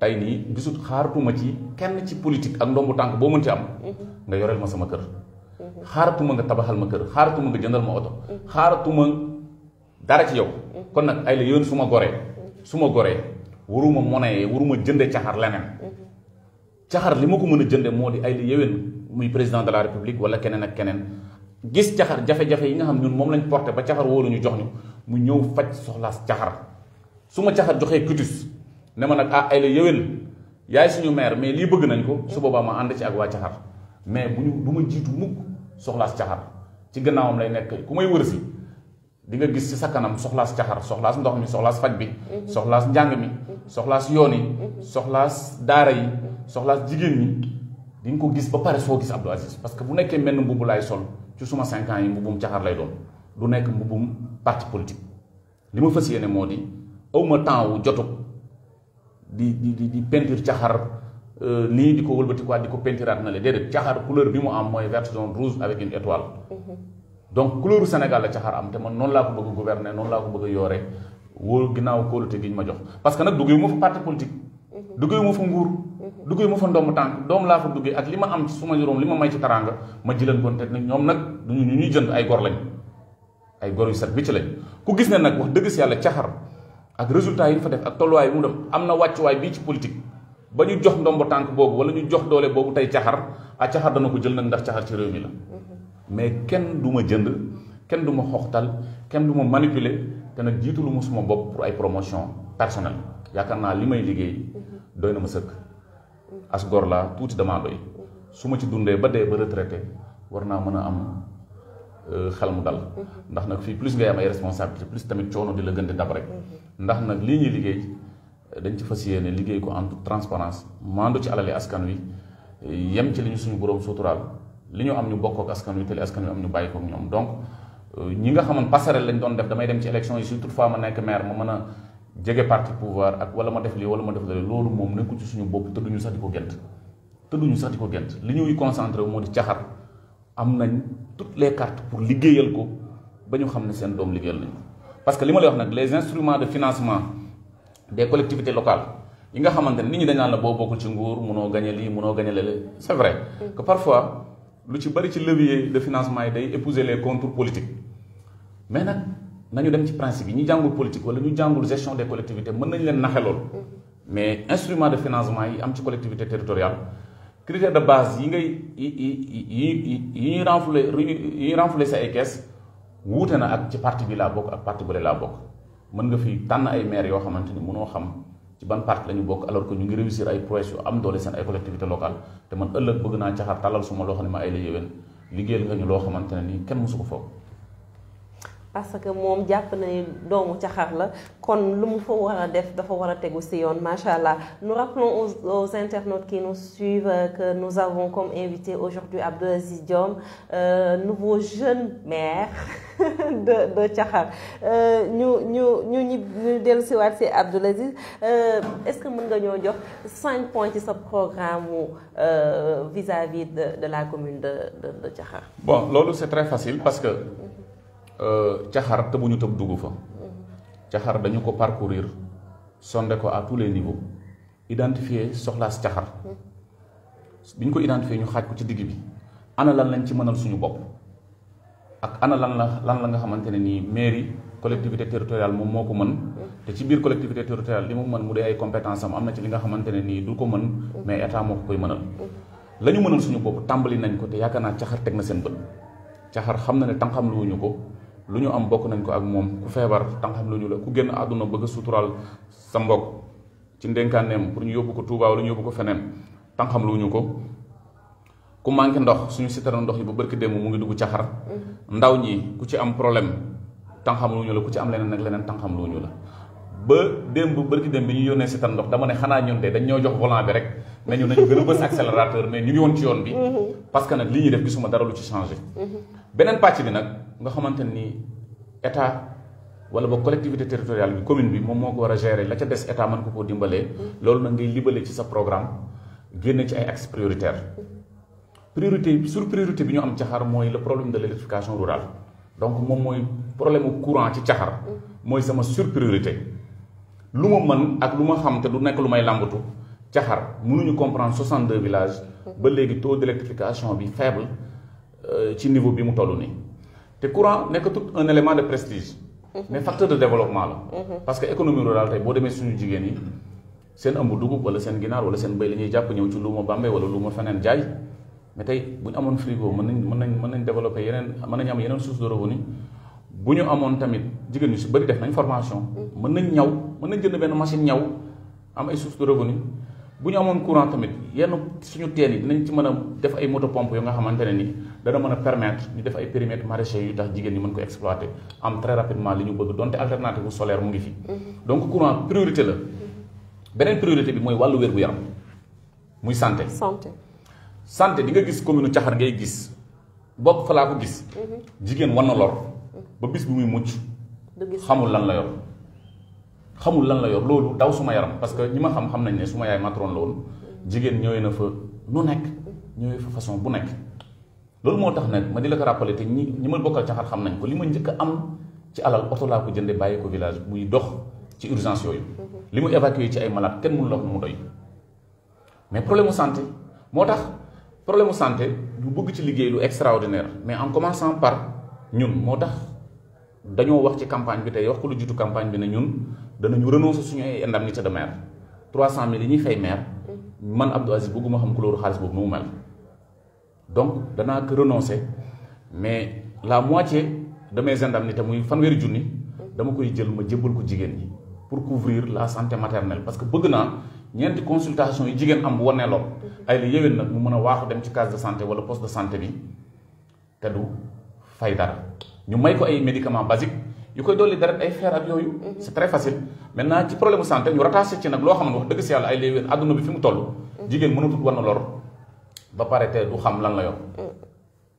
tey nii gisul xaaratuma ci kenn ci politique ak ndombu tànk boo mënti am. Mhm. nga yoreel ma sama kër. Mhm. xaaratuma nga tabaxal ma kër xaaratuma nga jëndal ma oto. xaaratuma dara ci yow. kon nag ay la yoon su ma goree. su ma goree waruma monee waruma jënde caxar leneen. caxar li ma ko mën a jënde moo di ay la yewén muy président la république wala keneen ak keneen. gis caxar jafe-jafe yi nga xam ñun moom lañ porté ba caxar wóolu ñu jox ñu mu ñëw faj soxlaas caxar su ma caxar joxee cutis ne ma nag ah ay la yëwén yaay suñu maire mais lii bëgg nañ ko su boobaa ma ànd ci ak waa caxar mais bu ñu du ma jiitu mukk soxlaas caxar ci gannaawam lay nekk ku may wër si di nga gis ci sa kanam soxlaas caxar soxlaas ndox mi soxlaas faj bi mhm. soxlaas njàng mi mhm. soxlaas yoon yi mhm. soxlaas daara yi soxlaas jigéen ñi di ko gis ba pare so Abdou Aziz parce que bu que vous mbubu lay sol ci suma cinq ans yi mbubum vous lay don du nekk mbubum parti politique de ma vous de, de awma temps wu jotuk di di di peinture caxar de euh, di ko wëlbatikuwaat di ko na le dede de couleur bi mu am moy vert jaune rouge avec une étoile donc couleur Sénégal la caxar am te man non ko bëgg gouverner non la ko bëgg yoré yoore ginaaw vous kóolute gi ma jox parce que nak duggee fa parti politique mhm. duggee wu fa nguur duggee ma fa ndom tank dom la fa duggee ak lima am ci suma yoroom lima may ci taranga ma jëlan koon te ñom nak duñu ñu ñuy jënd ay gor lañ ay gor yu sat bi ci lañ ku gis ne nak wax deug ci yalla caxar ak résultat yi fa def ak tolluwaay mu dem amna waccu way bi ci politique ba ñu jox ndom tank bobu wala ñu jox doole bobu tay caxar a da na ko jël nak ndax caxar ci rew mi la mais ken duma jënd ken duma xoxtal ken duma manipuler suma bop pour ay promotion personnelle yakarna limay liggéey doy ma as gor laa tuuti damaa doy su ma ci dundee ba dee ba retraité war naa mën a am euh, xel mu dal ndax nag fii plus ngay am ay responsabilité plus tamit coono di la gën di rek ndax nag lii ñuy liggéey dañ ci fas yéene liggéey ko en toute transparence maandu ci alali askan wi yem ci li ñu suñu borom suturaal li ñu am ñu bokk ak askan wi te li askan wi am ñu bàyyi ñoom donc euh, ñi nga xaman passerelle lañ doon def damay dem ci élection yi surtout fois ma nekk maire ma mën a jege parti pouvoir ak wala ma def lii wala ma def lii loolu moom nañ ci suñu bopp tëdduñu sax di ko gent tëdduñu sax di ko gent li ñuy concentré wu moo di caxar am nañ toutes les cartes pour liggéeyal ko ba ñu xam ne seen doom liggéeyal nañ parce que li ma lay wax nag les instruments de financement des collectivités locales yi nga xamante ne nit ñi dañ naan la boo bokkul ci nguur munoo gañe lii munoo gañe lële c'est vrai que parfois lu ci bari ci levier de financement yi day épouser les contours politiques mais nag nañu dem ci principe yi ñu jàngul politique wala ñu jàngul gestion des collectivités mën nañu leen naxe lool mais instrument de financement yi am ci collectivité territoriale critère de base yi ngay yi yi ñuy renflouer yi ñuy renflouer sa ay caisse na ak ci parti bi laa bokk ak parti bële laa bokk mën nga fi tànn ay maire yoo xamante ni mënoo xam ci ban parti la ñu bokk alors que ñu ngi réussir ay projets yu am doole seen ay collectivité locale man ëllëg bëgg naa caxar tàllal suma loo xam ne nga ñu loo xamante ne ni kenn mosu ko parce que mom japp na doomu caxar la kon lu mu fa wara def dafa war a tegu yoon nous rappelons aux, internautes qui nous suivent que nous avons comme invité aujourd'hui Abdelaziz Diom euh, nouveau jeune maire de de Nous euh, ñu ñu ñu ñu ñu dellu Abdelaziz euh, est-ce que mën nga ñoo jox cinq points ci sa programme euh, vis-à-vis de de la commune de de de bon lolu c'est très facile parce que. Mm-hmm. Eh, Cahar te buñu ñu duggu dugg fa caxar dañu ko parcourir sonde ko à tous les niveaux identifier ci caxar biñ ko identifier ñu xaj ko ci digg bi ana lan lañ ci mënal suñu bop ak ana lan la lan la nga xamantene ni mairie collectivité territoriale mom moko mën te ci biir collectivité territoriale limu mën mu ay compétences am amna ci li nga xamantene ni du ko mën mais état moko koy mënal lañu mënal suñu bop tambali nañ ko te tek na seen ko lu ñu am bokk nañ ko ak moom ku feebar tànqam lu ñu la ku génn àdduna bëgg a suturaal sa mbokk ci ndénkaaneem pour ñu yóbbu ko Touba wala ñu yóbbu ko feneen tànqam lu ñu ko ku manqué ndox suñu citerne ndox yi ba barki démb mu ngi dugg caxar ndaw ñi ku ci am problème tànqam lu ñu la ku ci am leneen nag leneen tànqam lu ñu la ba démb barki démb bi ñu yónnee citerne ndox dama ne xanaa ñun de dañ ñoo jox volant bi rek nañu nañu gën a accélérateur mais ñu ngi woon ci yoon bi. parce que nag li ñuy def gisuma dara lu ci changé. beneen parti bi nag nga xamante ni état wala ba collectivité territoriale bi commune bi moom moo ko war a gérer la ca des état mën ko koo dimbalee. loolu nag ngay libale ci sa programme génn ci ay axes prioritaire. priorité sur priorité bi ñu am caxar mooy le problème de l' rurale donc moom mooy problème courant ci caxar. mooy sama sur priorité. lu man, mën ak lu ma xam te du nekk lu may caxar mënuñu comprendre 62 villages ba léegi taux d' électrification bi faible euh, ci niveau bi mu toll nii te courant nekk tout un élément de prestige mhm. mais facteur de développement la mhm. parce que économie rurale tey boo demee suñu jigéen yi seen ëmb dugub wala seen ginaar wala seen béy la jàpp ñëw ci luuma Bambey wala luuma feneen jaay mais tey bu ñu amoon frigo mën nañ mën nañ mën yeneen mën nañu am yeneen source de revenu bu ñu amoon tamit jigéen ñu si bëri def nañ buñu amone courant tamit yenn suñu teen yi dinañ ci mëna def ay moto pompe yu nga xamantene ni dana mën a permettre ñu def ay périmètre maraîcher yu tax jigen ñi mëna ko exploiter am très rapidement li ñu bëgg donte alternative solaire mu ngi fi. Mhm. donc courant priorité la mhm. benen priorité bi moy walu wër bu yaram muy santé. santé santé di nga gis commune tiaxar ngay gis bok fa la ko gis. Mhm. jigen wonna lor ba bis bu muy mucc. xamul lan la yor. xamul lan la yor loolu daw suma yaram parce que ñi ma xam xam nañ ne suma yaay matron la jigéen ñëwee na fa nu nekk ñëwee fa façon bu nekk. loolu moo tax nag ma di la ko rappelé te ñi ñi ma bokkal caxar xam nañ ko li ma njëkk a am ci alal oto laa ko jënde bàyyi ko village muy dox ci urgence yooyu. Mhm. li mu évacué ci ay malaat kenn mënu la mu doy. mais problème mu santé moo tax problème mu santé ñu bëgg ci liggéey lu extraordinaire mais en commençant par ñun moo tax dañoo wax ci campagne bi tey wax ko lu jiitu campagne bi ne ñun. danañu renoncer suñu ay indemnité de maire 300000 yi ñuy fay maire man Abdou Aziz bëgguma xam couleur xaalis boobu nu mu mel donc danaa ko renoncer mais la moitié de mes indemnités muy fanweeri junni dama koy jël ma jébbal ko jigéen ñi pour couvrir la santé maternelle parce que bëgg naa ñeenti consultation yi jigéen am bu wanee lool ay la yéwén nag mu mën a waaxu dem ci case de santé wala poste de santé bi te du fay dara ñu may ko ay médicaments basiques yu koy dolli deret ay fer ak yooyu mhm. c'est très facile maintenant ci problème santé ñu rattaché ci nag loo xam ne wax dëgg si yàlla ay léewéen adduna bi fi mu toll mhm. jigéen mënatul war na lor ba pare te du xam lan la yor mhm.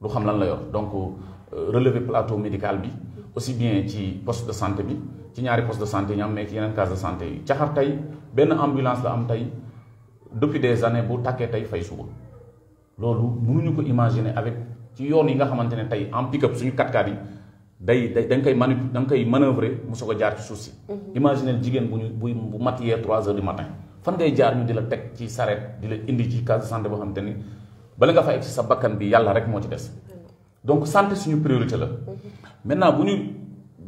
du xam lan la yor donc euh, relever plateau médical bi aussi bien ci poste de santé bi ci ñaari poste de santé ñu am mais ci yeneen case de santé yi caxar tey benn ambulance la am tey depuis des années bu takkee tey fay suba loolu mënuñu ko imaginer avec ci yoon yi nga xamante ne tey en pick-up suñu 4 x yi day day da nga koy manip da nga koy manoeuvrer mu soo a jaar ci suuf si. Mhm. imaginez jigéen bu ñu buy bu mat yee 3 heures du matin fan ngay jaar ñu di la teg ci sareet di la indi ci case de santé boo xamante ni bala nga fa egg sa bakkan bi yàlla rek moo ci des. donc santé suñu priorité la. Mhm. maintenant bu ñuy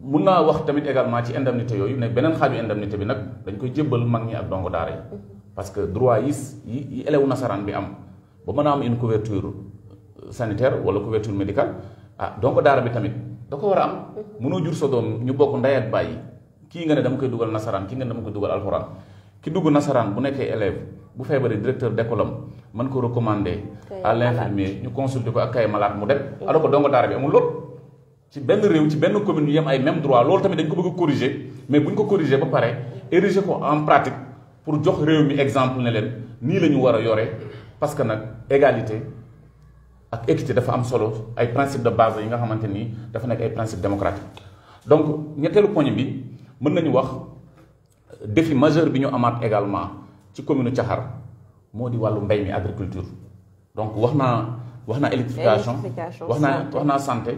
mun naa wax tamit également ci indemnité yooyu ne beneen xaaju indemnité bi nag dañ koy jébbal mag ñi ak donc daara yi. Mhm. parce que droit yi yi yi élèwu nasaraan bi am ba mën a am une couverture sanitaire wala couverture médicale ah donc daara bi tamit. da ko war a am mënoo jur sa doom ñu bokk ndey ak bàyyi kii nga ne dama koy dugal nasaraan kii nga ne dama koy dugal alxuraan ki dugg nasaraan bu nekkee élève bu feebaree directeur d'école am mën ko recommander à l'infirmier ñu consulter ko ak kay malaat mu dem alors que dongo daara bi amul lool ci benn réew ci benn commune ñu yem ay même droit loolu tamit dañ ko bëgg a mais bu ñu ko corriger ba pare ériger ko en pratique pour jox réew mi exemple ne leen nii la ñu war a yore parce que nag égalité ak équité dafa am solo ay principe de base yi nga xamante ni dafa nekk ay principe démocratique donc ñetteelu poñ bi mën nañu wax defi majeur bi ñu amaat également ci commune Thiakhar moo di wàllu mbay mi agriculture donc wax naa wax naa électrification wax naa wax naa santé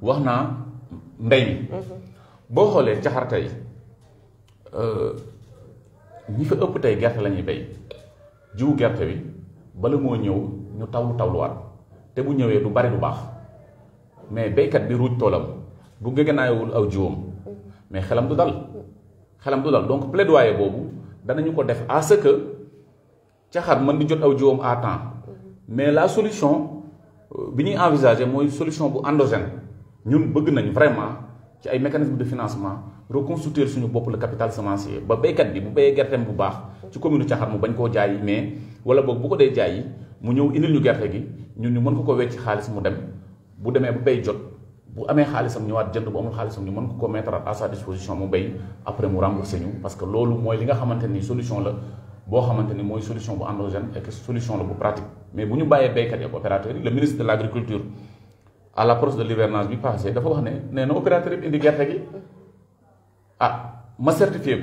wax naa mhm. mbay mi mhm. boo xoolee Thiakhar tey euh, ñi fi ëpp tey gerte la ñuy bay jiwu gerte bi bala moo ñëw ñu tawlu tawluwaat te bu ñëwé du bari du baax mais baykat bi ruuj tolam bu gëgënaayewul aw joom mais xelam du dal xelam du dal donc plaidoyer boobu danañu ko def à ce que xat man di jot aw joom à temps mais la solution euh, bi ñuy envisager moy solution bu endogène ñun bëgg nañ vraiment ci ay mécanisme de financement reconstruire suñu bop le capital semencier ba baykat bi bu baye gertem bu baax ci commune xat mu bañ ko jaay mais wala bok bu ko dee jaay mu ñëw indil ñu gerte gi ñun ñu mën ko ko wecc xaalis mu dem bu demee bu bay jot bu amee xaalisam ñëwaat jënd bu amul xaalisam ñu mën ko ko mettre à sa disposition mu bay après mu remboursé ñu parce que loolu mooy li nga xamante ni solution la boo xamante ni mooy solution bu endogène et solution la bu pratique mais bu ñu bàyyee béykat yi ak opérateur yi le ministre de l' agriculture à l' approche de l'hivernage bi passé dafa wax ne nee na opérateur yi indi ah,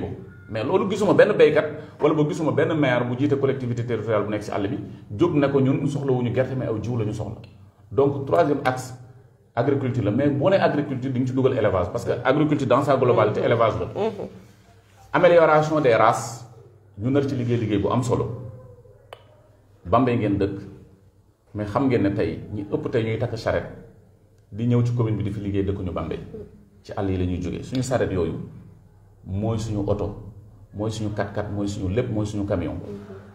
ko mais loolu gisuma benn béykat wala ba gisuma benn maire bu jiite collectivité territoriale bu nekk si àll bi jóg na ko ñun soxlawuñu gerte mais aw jiw la ñu soxla donc troisième axe agriculture la mais boo nee agriculture di nga ci dugal élevage parce que agriculture dans sa globalité élevage la. Mm-hmm. amélioration des races ñu nar ci liggéey liggéey bu am solo Bambey ngeen dëkk mais xam ngeen ne tey ñi ëpp tey ñuy takk charrette di ñëw ci commune bi di fi liggéey dëkkuñu Bambey ci àll yi la ñuy jógee suñu charrette yooyu mooy suñu oto. mooy suñu 4 4 mooy suñu lépp mooy suñu camion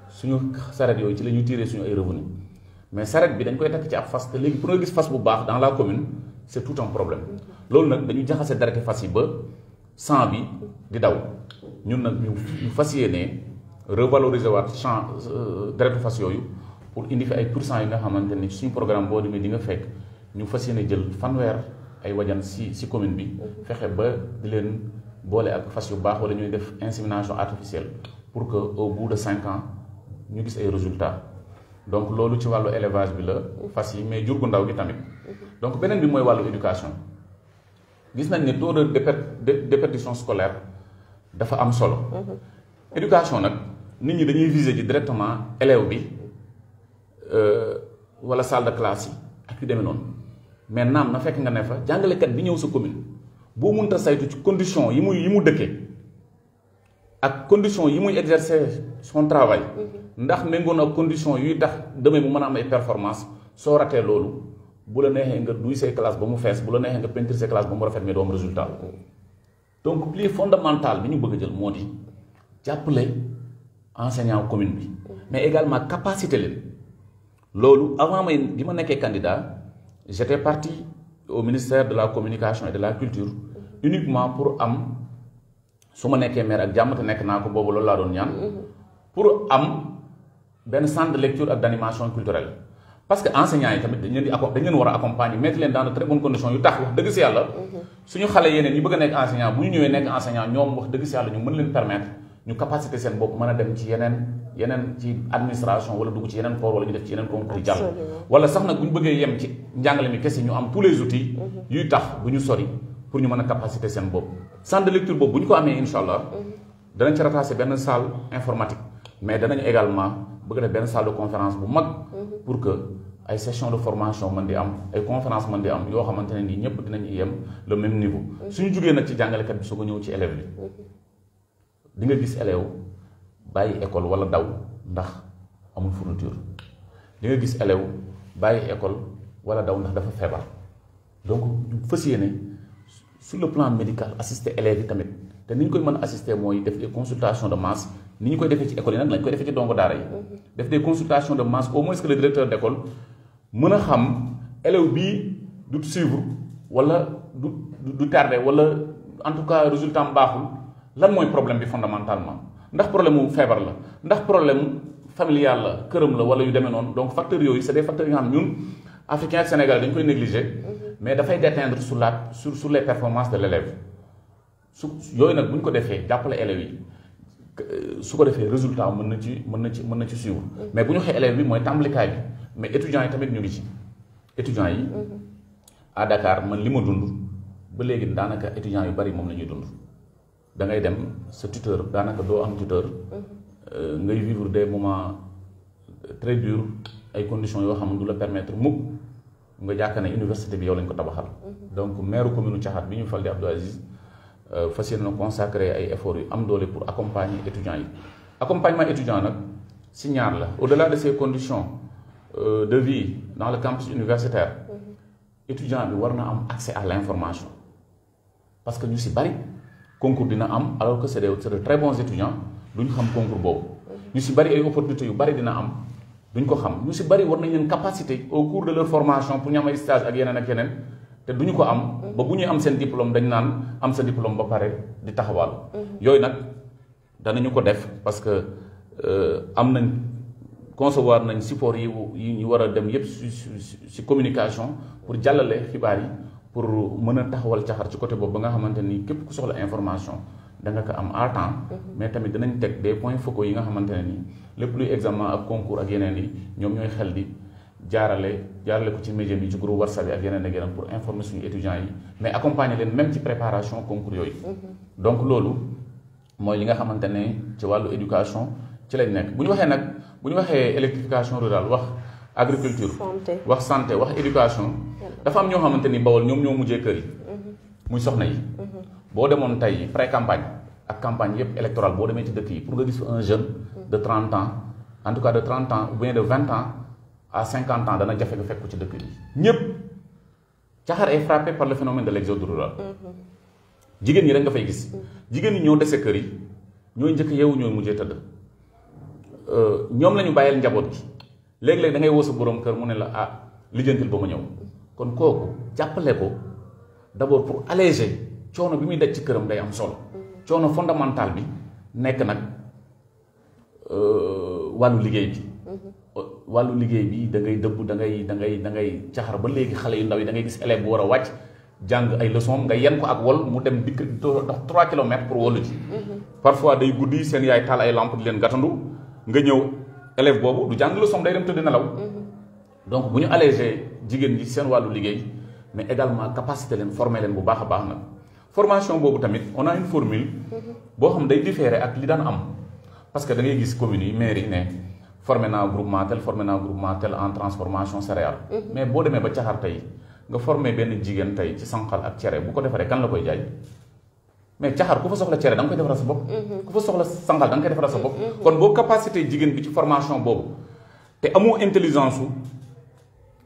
suñu saret yooyu ci la ñuy tiiree suñu ay revenu mais saret bi dañ koy takk ci ab fas te léegi pour nga gis fas bu baax dans la commune c' est tout un problème loolu nag dañu jaxase darete fas yi ba sang bi di daw ñun nag ñu fas yéene revaloriser waat champ euh, deretu fas yooyu pour indi fi ay pourcent yi nga xamante ni suñu programme boo demee di nga fekk ñu fas yéene jël fanweer ay wajan si si commune bi fexe ba di leen boole ak fas yu baax wala ñuy def insémination artificielle pour que au bout de cinq ans ñu gis ay résultats donc loolu ci wàllu élevage bi la mhm. fas yi mais jur gu ndaw gi tamit mhm. donc beneen bi mooy wàllu éducation gis nañ ne taux de déperdition scolaire dafa am solo mhm. éducation nag nit ñi dañuy viser ji directement élève bi euh, wala salle de classe yi ak yu demee noonu mais naam na fekk nga ne fa jàngalekat bi ñëw sa commune boo munta saytu ci condition yi muy yi mu dëkkee ak condition yi muy exercer son travail mhm. ndax méngoo na condition yuy tax demee bu man a am ay performance soo ratee loolu bu la neexee nga duy say classe ba mu fees bu la neexee nga peinture say classe ba mu rafet mais doo résultat donc lii fondamental bi ñu bëgg a jël moo di jàppale enseignant commune bi mhm. mais également capacité leen loolu avant may bi ma nekkee candidat j'étais parti au ministère de la communication et de la culture uniquement pour am suma ma mère ak jàmm te nekk ko boobu loolu laa doon ñaan pour am ben centre de lecture et d'animation culturelle parce que enseignants tamit dañ leen di dañ leen wara accompagner mettre leen dans de très bonnes conditions yu tax wax deug ci yalla suñu xalé yeneen ñi bëgg nek nekk enseignant bu ñu ñëwé nek enseignant ñom wax deug ci yalla ñu mën leen permettre ñu capacité sen bopp mëna dem ci yeneen yeneen ci administration wala dugg ci yeneen corps wala ñu def ci yeneen concours jàll wala sax na bu ñu bëggee yem ci njàngale mi kese ñu am tous les outils mhm. yuy tax bu ñu sori pour ñu mën a capacité seen bopp sant de lecture boobu bu ñu ko amee insha allah mhm. danañ ci rattaché benn salle informatique mais danañu également bëgg def benn salle de conférence bu mag mhm. pour que ay session de formation man di am ay conférence man di am yoo xamante ne nii ñëpp dinañu yem le même niveau suñu jugee nag ci jàngalekat bi soo ñëw ci élève bi di nga gis élève une école wala daw ndax amul fourniture li gis école wala daw ndax dafa feebar donc sur le plan médical assister à yi tamit te ni koy mën assister des consultations de masse ni koy école des consultations de masse au moins que le directeur d' école xam élève bii suivre wala du du wala en tout cas résultat baaxul lan mooy problème bi fondamentalement ndax problème mu feebar la ndax problème familial la këram la wala yu demee noonu donc facteurs yooyu c'est des facteurs yi nga xam ñun sénégal dañ koy négliger mhm. mais dafay déteindre sur la sur sur les performances de su yooyu nag bu ñu ko defee jàppale élèves yi euh, su ko defee résultat mën na ci mën na ci mën na ci suivre mhm. mais bu ñu waxee élève bi mooy tàmbalikaay bi mais étudiants yi tamit ñu ngi ci étudiants yi mhm. à Dakar man li ma dund ba léegi daanaka étudiants yu bari moom la ñuy dund ce ngay dem sa tuteur daanaka doo am tuteur euh, ngay vivre des moments très durs ay conditions yoo xam ne du la permettre mukk nga jàkk ne université bi yow lañ ko tabaxal. donc maire commune de bi ñu fal di Abdou Aziz euh, efforts pour accompagner étudiants accompagnement étudiant nag si au delà de ces conditions euh, de vie dans le campus universitaire étudiant bi war am accès à l'information parce que nous sommes bari. concours dina am alors que c'est des c'est de très bons étudiants duñ xam concours bobu ñu ci bari ay opportunités yu bari dina am duñ ko xam ñu ci bari war nañ leen capacité au cours de leur formation pour ñu am ay stage ak yenen ak yenen té duñ ko am ba buñu am sen diplôme dañ nan am sa diplôme ba paré di taxawal yooyu nag danañu ko def parce que euh, am nañ concevoir nañ support yi yi ñu war dem yépp ci communication pour jallalé xibaar yi pour mën a taxawal ca caxar ci côté boobu ba nga xamante nii képp ku soxla information danga ko am à temps mhm. mais tamit danañ teg des point focaux yi nga xamante ne ni lépp luy examen ak concours ak yeneen yi ñoom ñooy xel di jaarale jaarale ko ci média bi ci groupe WhatsApp yi ak yeneen ak yeneen pour informer suñu étudiants yi mais accompagner leen même ci préparation concours yooyu mhm. donc loolu mooy li nga xamante ne ci wàllu éducation ci lañ nekk bu ñu waxee nag bu ñu waxee électrification rurale wax agriculture wax santé wax éducation dafa am ñoo xamante ni bawol ñoom ñoo mujjee kër yi mhm. muy soxna yi mhm. boo demoon tey pré campagne ak campagne yëpp électorale boo demee ci dëkk yi pour nga gis un jeune mhm. de 30 ans en tout cas de 30 ans ou bien de vingt ans à 50 ans dana jafe nga fekk ko ci dëkk yi ñëpp Caxar est frappé par le phénomène de l'exode rural jigéen ñi rek nga fay gis jigéen ñi ñoo dese kër yi ñooy njëkk yeewu ñooy mujjee tëdd euh, ñoom la ñu bàyyeel njaboot léeg-léeg da ngay woo borom kër mu ne la ah lijjantil ba ma ñëw kon kooku jàppale ko d'abord pour alléger coono bi muy daj ci këram day am solo coono fondamental bi nekk nag euh, wàllu liggéey bi mhm. wàllu liggéey bi da ngay dëbb da ngay da ngay da ngay caxar ba léegi xale yu ndaw yi da gis élève bu war a wàcc jàng ay leçon nga yen ko ak wol mu dem dikk dox trois kilomètres pour wolu ci mhm. parfois day guddi seen yaay taal ay làmp di leen gàttandu nga ñëw élève bobu du jàng som day dem tëdd nelaw mhm. donc buñu alléger jigen ni sen walu liguey mais également capacité leen former leen bu baax a baax nag formation bobu tamit on a une formule mhm. bo xam day différer ak li daan am parce que da ngay gis commune yi mairie yi ne formé naa groupement tel formé naa groupement tel en transformation céréale mhm. mais bo demee ba caxar tay nga former ben jigen tay ci sankal ak tiéré bu ko defaree kan la koy jaay mais caxar ku fa soxla tiéré dang koy defaral sa bopp ku fa soxla sankal dang koy defaral sa bopp kon boo capacité jigéen bi ci formation boobu te amoo intelligence su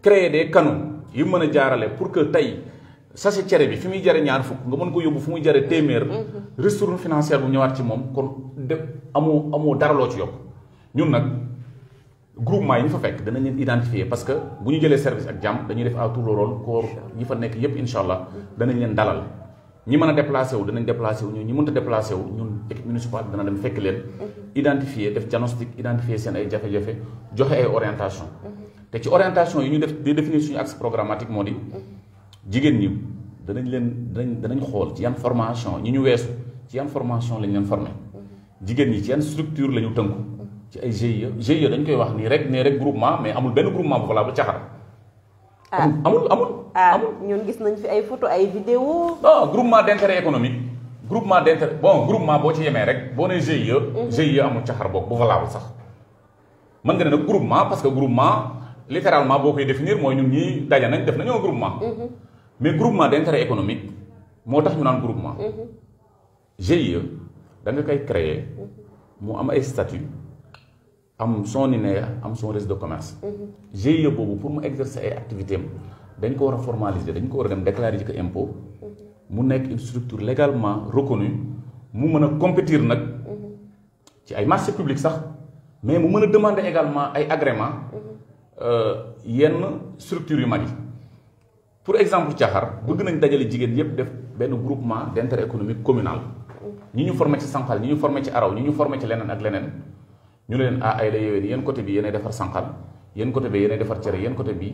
créer des canaux yu mën a jaarale pour que tey sachet cere bi fi muy jare ñaar fukk nga mën ko yóbbu fu muy jare téeméer. Mm-hmm. retour financière bu ñëwaat ci moom kon de amoo amoo dara loo ci yokk ñun nag groupement yi ñu fa fekk danañ leen identifier parce que bu ñu jëlee service ak jàmm dañuy def à tout le rôle corps yi fa nekk yépp incha allah mm-hmm. danañ leen dalal. ñi mën a déplacé wu danañ déplacé wu ñun ñi mënut a déplacé wu ñun équipe municipale dana dem fekk leen. Mhm. identifier def diagnostic identifier seen ay jafe-jafe joxe ay orientation mhm. te ci orientation yi ñu def di définir suñu axe programmatique moo di mhm. jigéen ñi danañ leen danañ danañ xool ci yan formation ñi ñu weesu ci yan formation lañ leen formé jigéen ñi ci yan structure la ñu tënku ci ay GIE GIE dañ koy wax nii rek ne rek groupement mais amul benn groupement bu valable caxar ah. amul amul ah ñun gis nañ fi ay photo ay vidéo non groupement d' intérêt économique groupement d' intérêt bon groupement boo ci yemee rek boo nee GIE. Mhm. GIE amul caxar boog bu valable sax mën nga ne nag groupement parce que groupement littéralement boo koy définir mooy ñun ñii daja nañ def nañoo groupement. Mhm. mais groupement d' intérêt économique moo tax ñu naan groupement. Mhm. GIE da nga koy créer mu am ay statut am son INEA am son registre de commerce. GIE boobu pour mu exercer ay activités am dañ ko war a formaliser dañ ko war a dem déclarer ji ko impôt mu nekk une structure légalement reconnue mu mën a compétir nag ci ay marché public sax mais mu mën a demande également ay agrément euh, yenn structures yu mag yi pour exemple xar bëgg nañ dajale jigéen yépp def benn groupement d'intérêt économique communal ñi ñu formé ci sànqal ñi ñu formé ci araw ñi ñu formé ci leneen ak leneen ñu leen ah ay la yowee ni yéen côté bi yéenay defar sànqal yéen côté bi yéenay defar cere yéen côté bi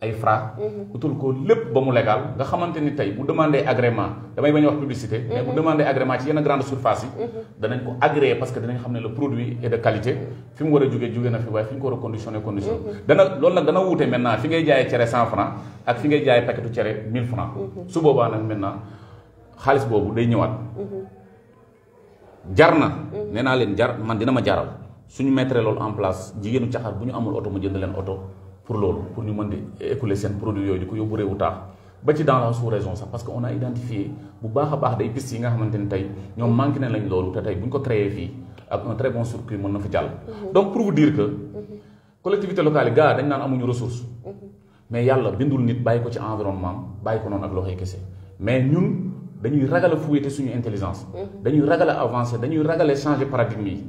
ay fra mhm. utul ko lépp ba mu légal nga xamante ni tey bu demandé agrement damay bañ wax publicité mais bu mhm. demandé agrément ci yenn grande surface yi mhm. danañ ko agréé parce que xam ne la produit est de qualité fi mu war a jógee jógee na fi waaye fi ñu ko war a conditionné condition dana loolu nag dana wuute maintenant fi ngay jaayee cere cent franc ak fi ngay jaayee paquetu cere mille franc su boobaa nag maintenant xaalis boobu day ñëwaat jar na nee naa leen jar man dina ma jaral suñu mettre loolu en place jigéenu caxar bu ñu amul oto mu jënd leen oto pour loolu pour nous mën di ces produits, du coup di ko yóbbu réewu taax ba ci dans la sous-région parce que on a identifié bu de a baax ont piste yi nga xamante ni tey ñoom lañ ko créé ak un très bon circuit mën na fa jàll. Mhm. donc pour vous dire que mhm. collectivité locale yi gars dañ naan amuñu ressources. Mhm. mais yàlla bindul nit bàyyi ko ci environnement bàyyi ko noonu ak loxoy kese mais ñun dañuy ragal a fouetter suñu intelligence. dañuy ragal a avancer dañuy ragal a changer paradigme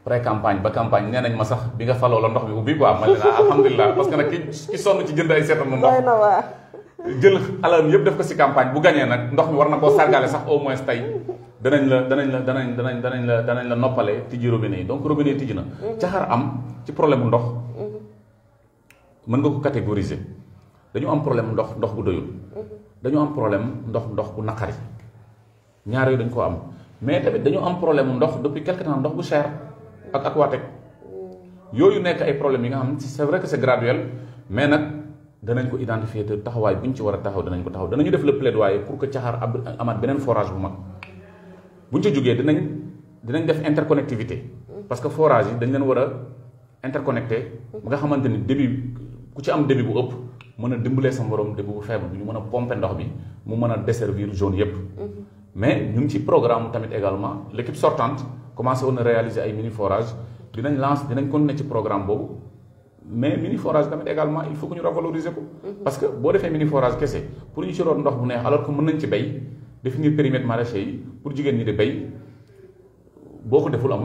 pré campagne ba campagne né nañ ma sax bi nga falo la ndox bi ubi quoi man leen alhamdulilah parce que nak ki sonu ci jënd ay seetam mu ndox jël alalam yëpp def ko ci campagne bu gagné nak ndox mi war na ko sargalé sax au moins tay danañ la danañ la danañ danañ danañ la danañ la noppale tijji robinet yi donc robinet ji na ci xar am ci problème ndox mën nga ko catégoriser dañu am problème ndox ndox bu doyul dañu am problème ndox ndox bu nakari ñaar yu dañ ko am mais tamit dañu am problème ndox depuis quelque temps ndox bu cher ak Aquatec yooyu nekk ay problème yi nga xam ne c'est vrai que c'est graduel mais nag danañ ko identifier te taxawaay bu ñu ci war a taxaw danañ ko taxaw danañu def le plaidoyer pour que Caxaar ab amaat beneen forage bu mag bu ñu ci jógee dinañ dinañ def interconnectivité parce que forage yi dañ leen war a interconnecté ba nga xamante ni débit ku ci am début bu ëpp mën a dimbalee sa morom début bu faible bi ñu mën a pomper ndox bi mu mën a desservir zone yépp mais ñu ngi ci programme tamit également l'équipe sortante commencer on réaliser ay mini forage on lance dinañ continuer ci programme Mais mais mini forage également il faut que nous revaloriser valorisons. Mm-hmm. parce que fait des mini forage kese pour y ci root ndox bu alors que nous avons ci définir périmètre maraîcher pour nous ñi di bay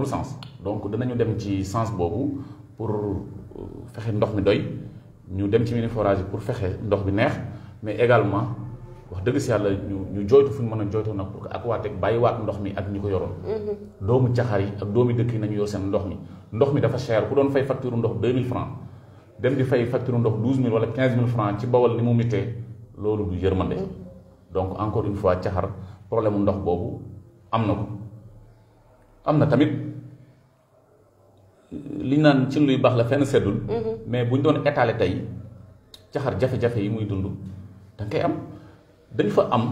sens. donc danañu dem ci sens pour euh, faire ndox mi Nous ñu dem ci mini forage pour faire un bi mais également. wax dëgg si yàlla ñu ñu jooytu fu ñu mën a jooytoo nag pour que ak waa teg bàyyiwaat ndox mi ak ñi ko yoroon. Mm-hmm. doomu caxaar yi ak doomi dëkk yi nañu yor seen ndox mi ndox mi dafa cher ku doon fay facture ndox 2000 francs dem di fay facture ndox 12000 wala 15000 francs ci bawal ni mu mittee loolu du yërmande. Mm-hmm. donc encore une fois caxaar problème mu ndox boobu am na ko am na tamit li naan ci luy baax la fenn seddul. Mm-hmm. mais bu ñu doon étaler tey caxar jafe-jafe yi muy dund da dañu fa am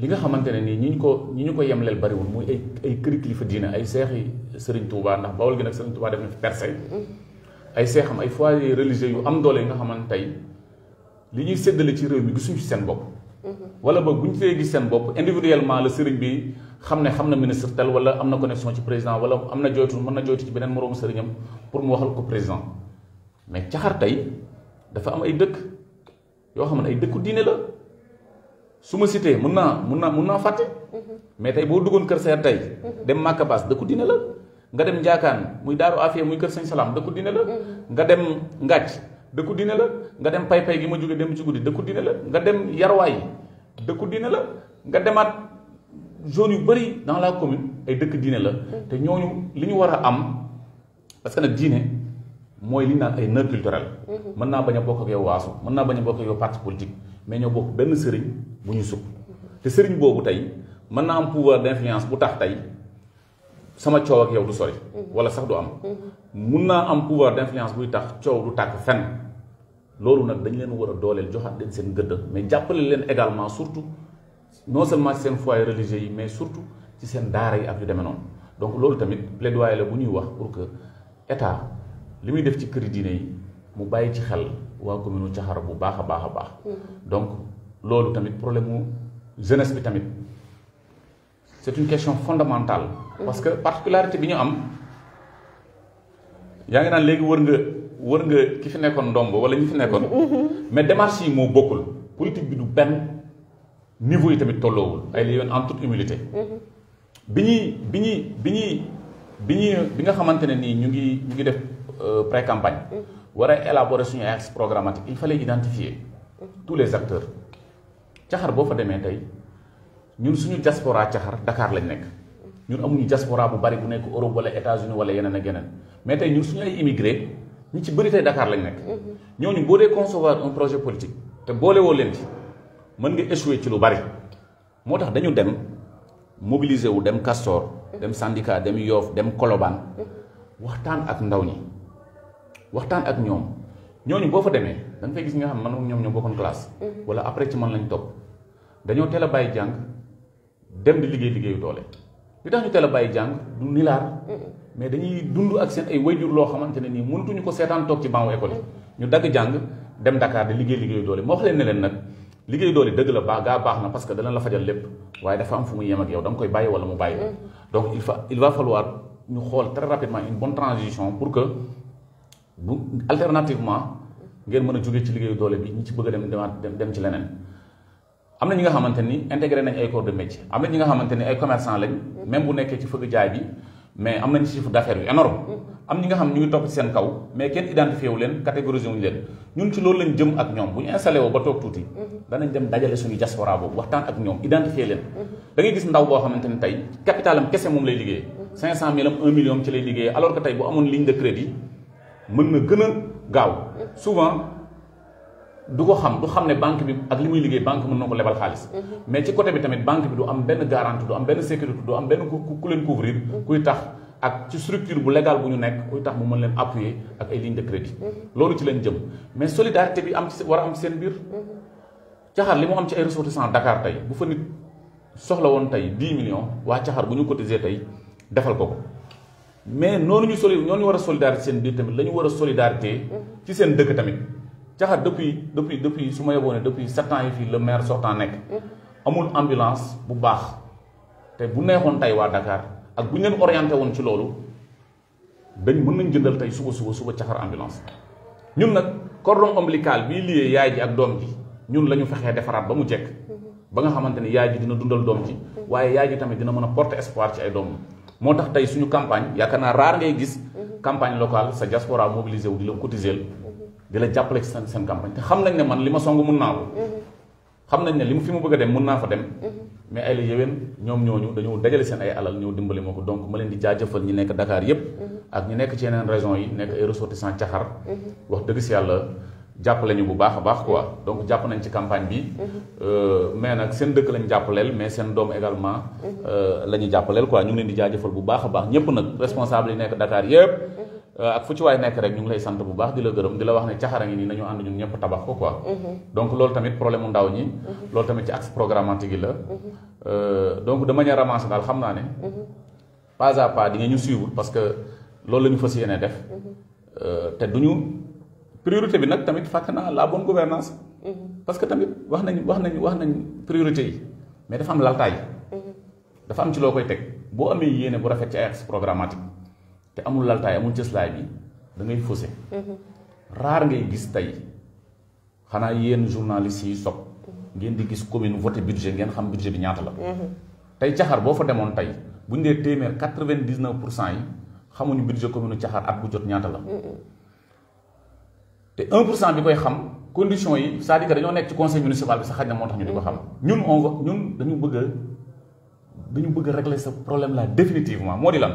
li nga xamante ne nii ñi ñu ko ñu ñu ko yemleel bariwul muy ay ay kër kilifa diina ay seexi sëriñ Touba ndax Bawol gi nag Serigne Touba def na fi percé ay seexam ay foyer religieux yu am doole yi nga xamante tey li ñuy séddale ci réew mi gisuñu ci seen bopp. wala ba bu ñu fee gis seen bopp individuellement la sëriñ bi xam ne xam na ministre tel wala am na connexion ci président wala am na jooytu mën na jooytu ci beneen moroomu sëriñam pour mu waxal ko président mais caxar tey dafa am ay dëkk. yoo xam ne ay dëkku diine la su ma cité mun naa mun naa naa fàtte. Mhm. mais tey boo duggoon Kër Seer tey. Mhm. dem Màkka Baas dëkku diine la. nga dem Njaakaan muy Daaru Afia muy Kër Sañ Salaam dëkku diine la. Mhm. nga dem Ngàcc dëkku diine la. nga dem pay Paypay gi ma jógee dem ci guddi dëkku diine la. nga dem Yarwaay dëkku diine la. nga demaat zone yu bëri dans la commune ay dëkk diine la. te ñooñu li ñu war a am parce que nag diine. mooy li naan ay nœud culturel mhm. mën naa bañ a bokk ak yow waasu mën naa bañ a bokk ak yow parti politique mais ñoo bokk benn sëriñ bu ñu sukk mhm. te sëriñ boobu tey mën naa am pouvoir d'influence bu tax tey sama coow ak yow du sori mhm. wala sax du am mun naa am pouvoir d'influence buy tax coow du tàkk fenn loolu nag dañu leen war a dooleel joxaat leen seen gëdd mais jàppale leen également surtout non seulement ci seen foyer religieux yi mais surtout ci seen daara yi ak yu demee donc loolu tamit plaidoyer bu ñuy wax pour que li muy def ci këri diine yi mu bàyyi ci xel waa commune Caxar bu baax a baax a baax mm-hmm. donc loolu tamit problème mu jeunesse bi tamit c'est une question fondamentale mm-hmm. parce que particularité bi ñu am yaa ngi naan léegi wër nga wër nga ki fi nekkoon ndomb wala ñu fi nekkoon mm-hmm. mais démarche yi moo bokkul politique bi du benn niveau yi tamit tolloowul ay li yoon en toute humilité bi ñuy bi ñuy bi ñuy bi ñuy bi nga xamante ne nii ñu ngi ñu def euh, pré campagne mm-hmm. war a élaborer suñu axe programmatique il fallait identifier mm-hmm. tous les acteurs cakar boo fa demee tey ñun suñu jaspora caxar Dakar lañ nekk mm-hmm. ñun amuñu jaspora bu bari bu nekk Europe wala États-Unis wala yeneen ak yeneen mais tey ñun suñu ay immigré ñi ci bëri tey Dakar lañ nekk. ñooñu boo dee concevoir un projet politique te boolewoo leen ci mën nga échouer ci lu bari moo tax dañu dem mobiliser wu dem Castor. dem syndicat dem Yoff dem Colobane waxtaan ak ndaw ñi waxtaan ak ñoom ñooñu boo fa demee da nga gis nga xam man ñoom ñoo bokkoon classe. Mm-hmm. wala après ci man lañ topp dañoo teel a bàyyi jàng dem di liggéey liggéeyu doole li tax ñu bàyyi jàng du nilaar mm-hmm. mais dañuy dund ak seen xamante ne nii mënatuñu ko seetaan toog ci banc école yi mm-hmm. ñu dagg jàng dem Dakar di liggéey liggéeyu doole moo wax leen ne leen nag. liggéey doole dëgg la baax gaa baax na parce que dana la fajal lépp waaye dafa yow da koy bàyyi wala mu bàyyi Donc il, fa il va falloir nous rôle très rapidement une bonne transition pour que, alternativement, ngeen mën a jóge ci liggéeyu doole bi ñi ci bëgg a dem ci leneen am ñi nga xamante intégrer intégré nañ ay corps de métier amna ñi nga xamante ay commerçants lañ même bu nekkee ci feug jaay bi mais amna ci chiffre d'affaires énorme am ñi nga xam ñu ngi topp ci seen kaw mais kenn identifié leen catégorisé wuñu leen ñun ci loolu lañ jëm ak ñoom bu ñu installé woo ba toog tuuti mhm. danañ dem dajale suñu diaspora boobu waxtaan ak ñoom identifié leen mhm. da ngay gis ndaw boo xamante ne tey capital am kese moom lay liggéeye mhm. cinq cent mille am un million ci lay liggéeye alors que tey bu amoon ligne de crédit mën na gën a gaaw souvent du ko xam du xam ne banque bi ak li muy liggéey banque mën na ko lebal xaalis bi du am benn garantie du am benn sécurité du ak ci structure bu légal bu ñu nekk kuy tax mu mën leen appuyer ak ay ligne de crédit mhm. loolu ci leen jëm mais solidarité bi am war a am seen biir mhm. caxar li mu am ci ay ressortissants Dakar tey bu fa nit soxla woon tey 10 millions waa caxar bu ñu cotiser tey defal ko ko mais noonu ñu soli noonu war a solidarité seen biir tamit la ñu war a solidarité mhm. ci seen dëkk tamit caxar depuis depuis depuis su ma yeboo ne depuis sept ans yi fii le maire sortant nekk amul ambulance bu baax te bu neexoon tey waa Dakar ak bu ñu leen orienté woon ci loolu dañ mën nañ jëndal tey suba suba suba cafar ambulance ñun nag cordon ombilical bii lié yaay ji ak doom ji ñun la ñu fexee defaraat ba mu jekk mm-hmm. ba nga xamante ni yaay ji dina dundal doom ji mm-hmm. waaye yaay ji tamit dina mën a porter espoir ci ay doomam moo tax tey suñu campagne yaakaar naa raar ngay gis mm-hmm. campagne locale sa diaspora mobilisé wu di la cotiser di la jàppale ci seen campagne te xam nañ ne man li ma song mun naa xam nañ ne li mu mu bëgg dem mun naa fa dem mais ay la yéwén ñoom ñooñu dañoo dajale seen ay alal ñëw dimbali ma ko donc ma leen di jaajëfal ñi nekk Dakar yépp mhm. ak ñi nekk ci yeneen régions yi nekk ay ressortissants Caxar mhm. wax dëgg si yàlla jàppale ñu bu baax a baax quoi mhm. donc jàpp nañ ci campagne bi euh, mais nag seen dëkk lañ jàppaleel mais seen doom également euh, la ñu jàppaleel quoi ñu ngi leen di jaajëfal bu baax a baax ñépp nag responsable yi nekk Dakar yépp Euh, ak fu ci way nek rek ñu ngi lay sante bu baax di la gërëm di la wax ne caxara ngi ni nañu and ñun ñepp tabax ko quoi. Mm-hmm. donc lool tamit problème mu ndaw ñi. Mm-hmm. lool tamit ci axe programmatique yi la. Mm-hmm. Euh, donc de manière avancée dal xamna ne. pas à pas di nga ñu suivre parce que lool lañu fassiyene def. euh té duñu priorité bi nak tamit fakana naa la bonne gouvernance parce que tamit wax nañ wax nañ wax nañ priorité yi mais dafa am laltaay. dafa am ci lokoy tek bo amé yene bu rafet ci axe programmatique. te amul laltaay amul cëslaay bi da ngay faussé mhm. raar ngay gis tey xanaa yéen journalistes yi sob ngeen di gis commune voté budget ngeen xam budget bi ñaata la mhm. tey caxar boo fa demoon tey bu ñu dee téeméer quatre-vingt-dix-neuf pour cent yi xamuñu budget commune caxar ak bu jot ñaata la mhm. te un pour cent bi koy xam condition yi c'est-à-dire dañoo nekk ci conseil municipal bi sax xaj na moo tax ñu di ko xam ñun on va ñun dañu bëgg a dañu bëgg a régler sa problème là définitivement moo di lan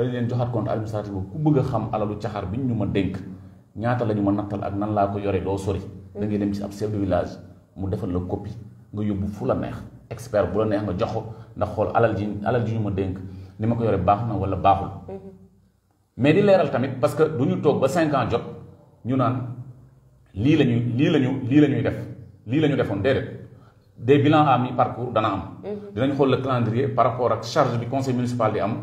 dañ leen joxaat compte administratif ku bëgg a xam alalu caxaar bi ñu ma dénk ñaata la ñu ma nattal ak nan laa ko yore doo sori. da ngay dem ci ab chef de village mu defal la copie nga yóbbu fu la neex expert bu la neex nga jox ko ndax xool alal ji alal ji ñu ma dénk ni ma ko yore baax na wala baaxul. Mm-hmm. mais di leeral tamit parce que du ñu toog ba cinq ans jot ñu naan lii la ñuy lii la ñu lii la ñuy def lii la ñu defoon déedéet des bilans à mi-parcours dana am. Mm-hmm. dinañ xool le calendrier par rapport ak charge bi conseil municipal di am.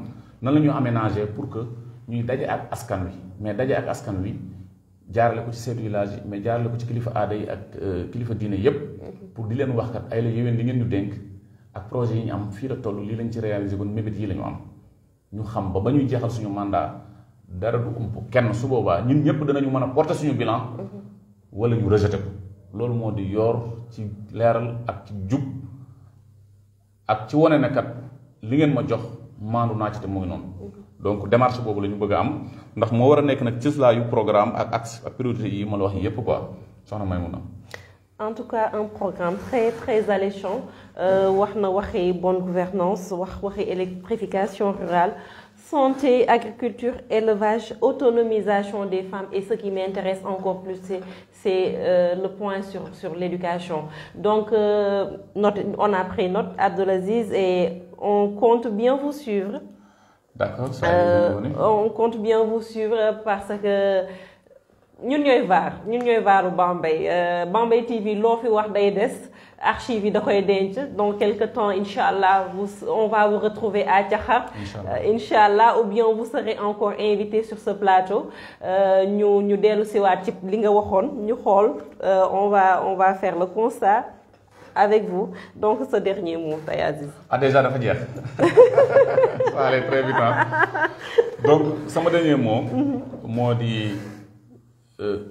nan la ñu aménager pour que ñuy daje ak askan wi mais daje ak askan wi jaarale ko ci seetu village mais jaarale ko ci kilifa aada yi ak euh, kilifa diine yépp pour di leen wax kat ay la yéwén li ngeen ñu dénk ak projet yi ñu am fii la toll lii lañ ci réaliser kon mébét yi lañu am ñu xam ba ba ñuy jeexal suñu mandat dara du ump kenn su boobaa ñun ñëpp danañu mën a porter suñu bilan wala ñu rejeter ko loolu moo di yoor ci leeral ak ci jub ak ci wone ne li ngeen ma jox. maandu naa ci te mu ngi noonu donc démarche boobu la ñu bëgg a am ndax moo war a nekk nag yu programme ak axe ak priorité yi ma la wax yépp quoi soxna Maïmouna en tout cas un programme très très alléchant euh, wax na waxi bonne gouvernance wax waxi électrification rurale santé, agriculture, élevage, autonomisation des femmes. Et ce qui m'intéresse encore plus, c'est euh, le point sur, l'éducation. Donc, euh, on a pris note, Abdelaziz, et on compte bien vous suivre. D'accord, ça euh, On compte bien vous suivre parce que... ñun ñooy vaar ñun ñooy au Bambay. Euh, TV l'offre TV, wax day archives de da dans quelque temps Inch'Allah, on va vous retrouver à Thiakhar Inch'Allah. Euh, ou bien vous serez encore invité sur ce plateau euh, ñu nous allons siwaat ci li nga ñu euh, on va on va faire le constat avec vous donc ce dernier mot Tay ah déjà dafa jeex ça allait très vite hein. donc ce dernier mot mhm. moi di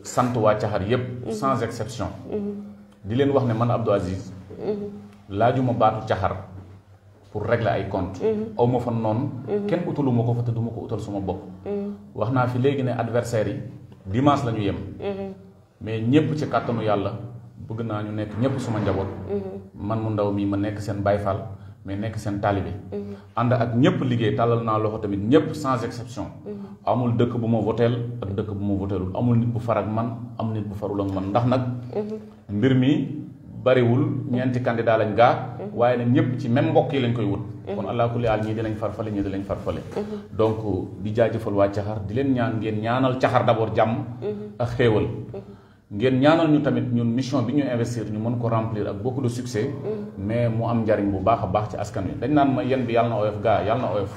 sant waa Thiakhar yépp mhm. sans exception mhm. di leen wax ne man Abdou Aziz mhm. laajuma baatu caxar pour régler ay compte mhm. aw ma fa noonu mhm. kenn utalu ko fa te duma ko utal suma bopp wax naa fi léegi ne adversaires yi dimanche la ñu yem mais ñëpp ci kàttanu yàlla bëgg naa ñu nekk ñëpp suma njaboot man mu ndaw mi ma nekk seen fal mais nekk seen taalibe mhm. ànd ak ñëpp liggéey tàllal naa loxo tamit ñëpp sans exception mhm. amul dëkk bu ma voteel ak dëkk bu ma voteelul amul nit bu far ak man am nit bu farul ak man ndax nag mhm. mbir mi bariwul ñeenti candidat lañ gaa waaye nag ñëpp ci même mbokk yi lañ koy wut kon allah kulli aal ñii di lañ farfale ñii di lañ farfale donc di jaajëfal waa caxar di leen ñaan ngeen ñaanal caxar d'abord jàmm ak xéewal ngeen ñaanal ñu tamit ñun mission bi ñu investir ñu mën ko remplir ak beaucoup de succès. Mm. mais mu am njariñ bu baax a baax ci askan wi dañ naan ma yen bi yàlla na oyof gaa yàlla na oyof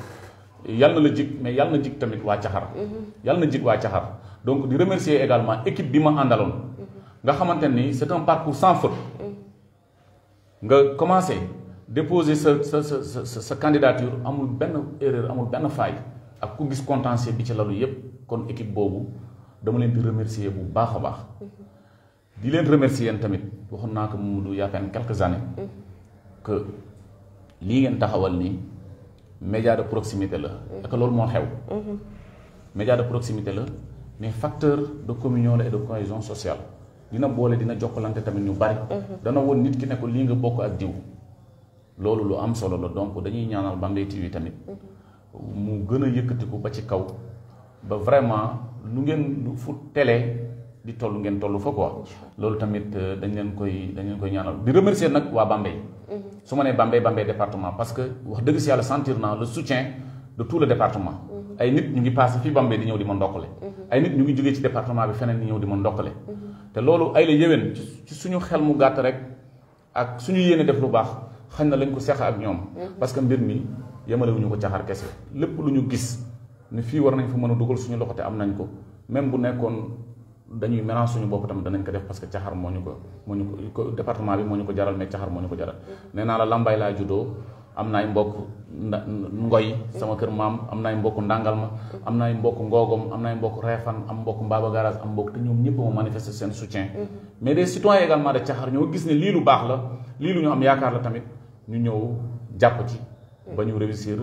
yàlla na la jig mais yàlla na jig tamit waa Caxar. Mm-hmm. yàlla na jig waa Caxar donc di remercier également équipe bi ma àndaloon. Mm-hmm. nga xamante ni c'est un parcours sans faute. Mm. nga commencé déposer sa sa sa sa sa sa candidature amul benn erreur amul benn faille ak ku gis contentieux bi ci lalu yépp kon équipe boobu. dama leen di remercier bu baax a baax. di leen remercier tamit waxoon naa ko Momadou yaakaar quelques années. que lii ngeen taxawal nii média de proximité la. ak loolu moo xew. média de proximité la mais facteur de communion la et de cohésion sociale dina boole dina jokkalante tamit ñu bari. dana woon nit ki ne lii nga bokk ak diw. loolu lu am solo la donc dañuy ñaanal Bambey TV tamit mu gën a yëkkatiku ba ci kaw ba vraiment. nu ngeen fu télé di tollu ngeen tollu fa quoi lolou tamit euh, dañ leen koy dañ leen koy ñaanal di remercier nak wa Bambey mhm. su ma nee Bambey Bambey département parce que wax deug ci yalla sentir na le soutien de tout le département mhm. ay nit ñu ngi passé fi Bambey di ñëw di mo ndokkale mhm. ay nit ñu ngi joggé ci département bi feneen di ñëw di mo ndokkale té lolou ay la yewen ci suñu xel mu gatt rek ak suñu yéene def lu bax xañ na lañ ko séx ak ñom parce que mbir mi wuñu ko caxar kessé lepp lu ñu gis ne fii war nañ fa mën a dugal suñu loxo te am nañ ko même bu nekkoon dañuy mélange suñu bopp tamit danañ ko def parce que caxar moo ñu ko moo ko département bi moo ñu ko jaral mais caxar moo ñu ko jaral nee naa la lambay laa juddoo am naay mbokk ngoy sama kër maam am naay mbokk ndàngal ma am naay mbokk ngoogom am naay mbokk reefan am mbokk mbaaba garage am mbokk te ñoom ñëpp ma manifester seen soutien mm-hmm. mais des citoyens également de caxar ñoo gis ne lii lu baax la lii lu ñu am yaakaar la tamit ñu ñëw jàpp ci ba ñu réussir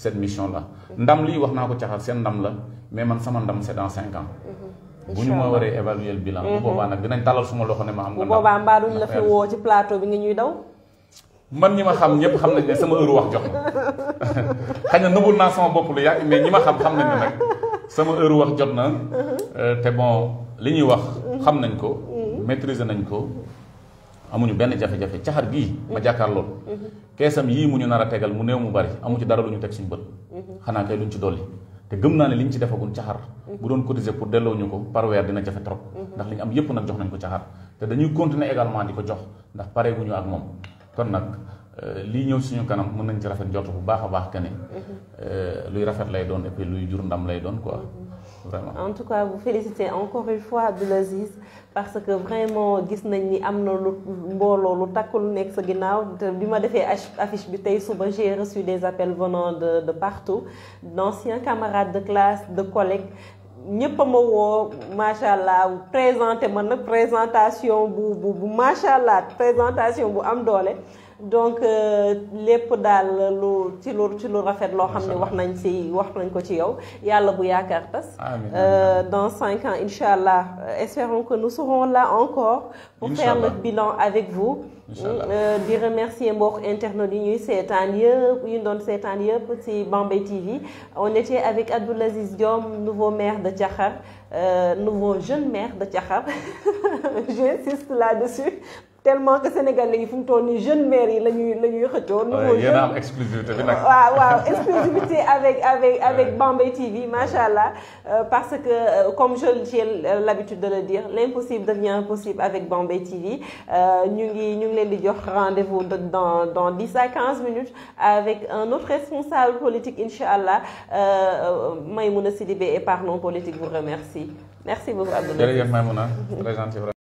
cette mission la ndam lii wax naa ko caxal seen ndam la mais man sama ndam c'est dans cinq mm-hmm. bu ñu ma waree évaluer le bilan bu mm-hmm. boobaa nag dinañ talal suma loxo ne ma am nga ndam bu boobaa mbaa duñ la fi woo daw man ñi ma xam ñëpp xam nañ ne sama heure wax jox na xëy na nëbbul naa sama bopp lu yàgg mais ñi ma xam xam nañ nag sama heure wax jot na euh, te bon li ñuy wax xam nañ ko mm-hmm. maîtriser nañ ko amuñu benn jafe-jafe caxar gii ma jàkkaar lool keesam yii mu ñu nar a tegal mu néew mu bari amu ci dara lu ñu teg suñu bët xanaa kay luñ ci dolli te gëm naa ne li ñu ci defagul caxar bu doon cotiser pour delloo ñu ko par weer dina jafe trop ndax li ñu am yépp nag jox nañ ko caxar te dañuy continuer également di ko jox ndax pare guñu ak moom kon nag euh, lii ñëw suñu kanam mën nañ ci rafet njort bu baax a baax kene euh, luy rafet lay doon et luy jur ndam lay doon quoi en tout cas vous félicitez encore parce que vraiment disney nañ ni amna lu mbolo lu takk lu sa affiche j'ai reçu des appels venant de partout d'anciens camarades de classe de collègues ñeppama wo machallah présentation bu bu présentation bu am donc euh, lépp daal lu ci lu ci lu rafet loo xam wax nañ ci wax nañ dans 5 ans euh, espérons que nous serons là encore pour faire le bilan avec vous euh, di remercier mbokk internautes yi ñuy seetaan TV on était avec Abdoulaziz Diom nouveau maire de Thiakhar nouveau jeune maire de Thiakhar suis là-dessus tellement que sénégalais yi fu jeune mairie yi lañuy lañuy a am exclusivité bi exclusivité avec avec avec TV machallah euh, parce que euh, comme je j'ai l'habitude de le dire l'impossible devient impossible avec Bambay TV euh, ñu ngi ñu ngi rendez-vous dans dans 10 à 15 minutes avec un autre responsable politique inchallah euh Maïmouna Sidibé et nom Politique vous remercie merci beaucoup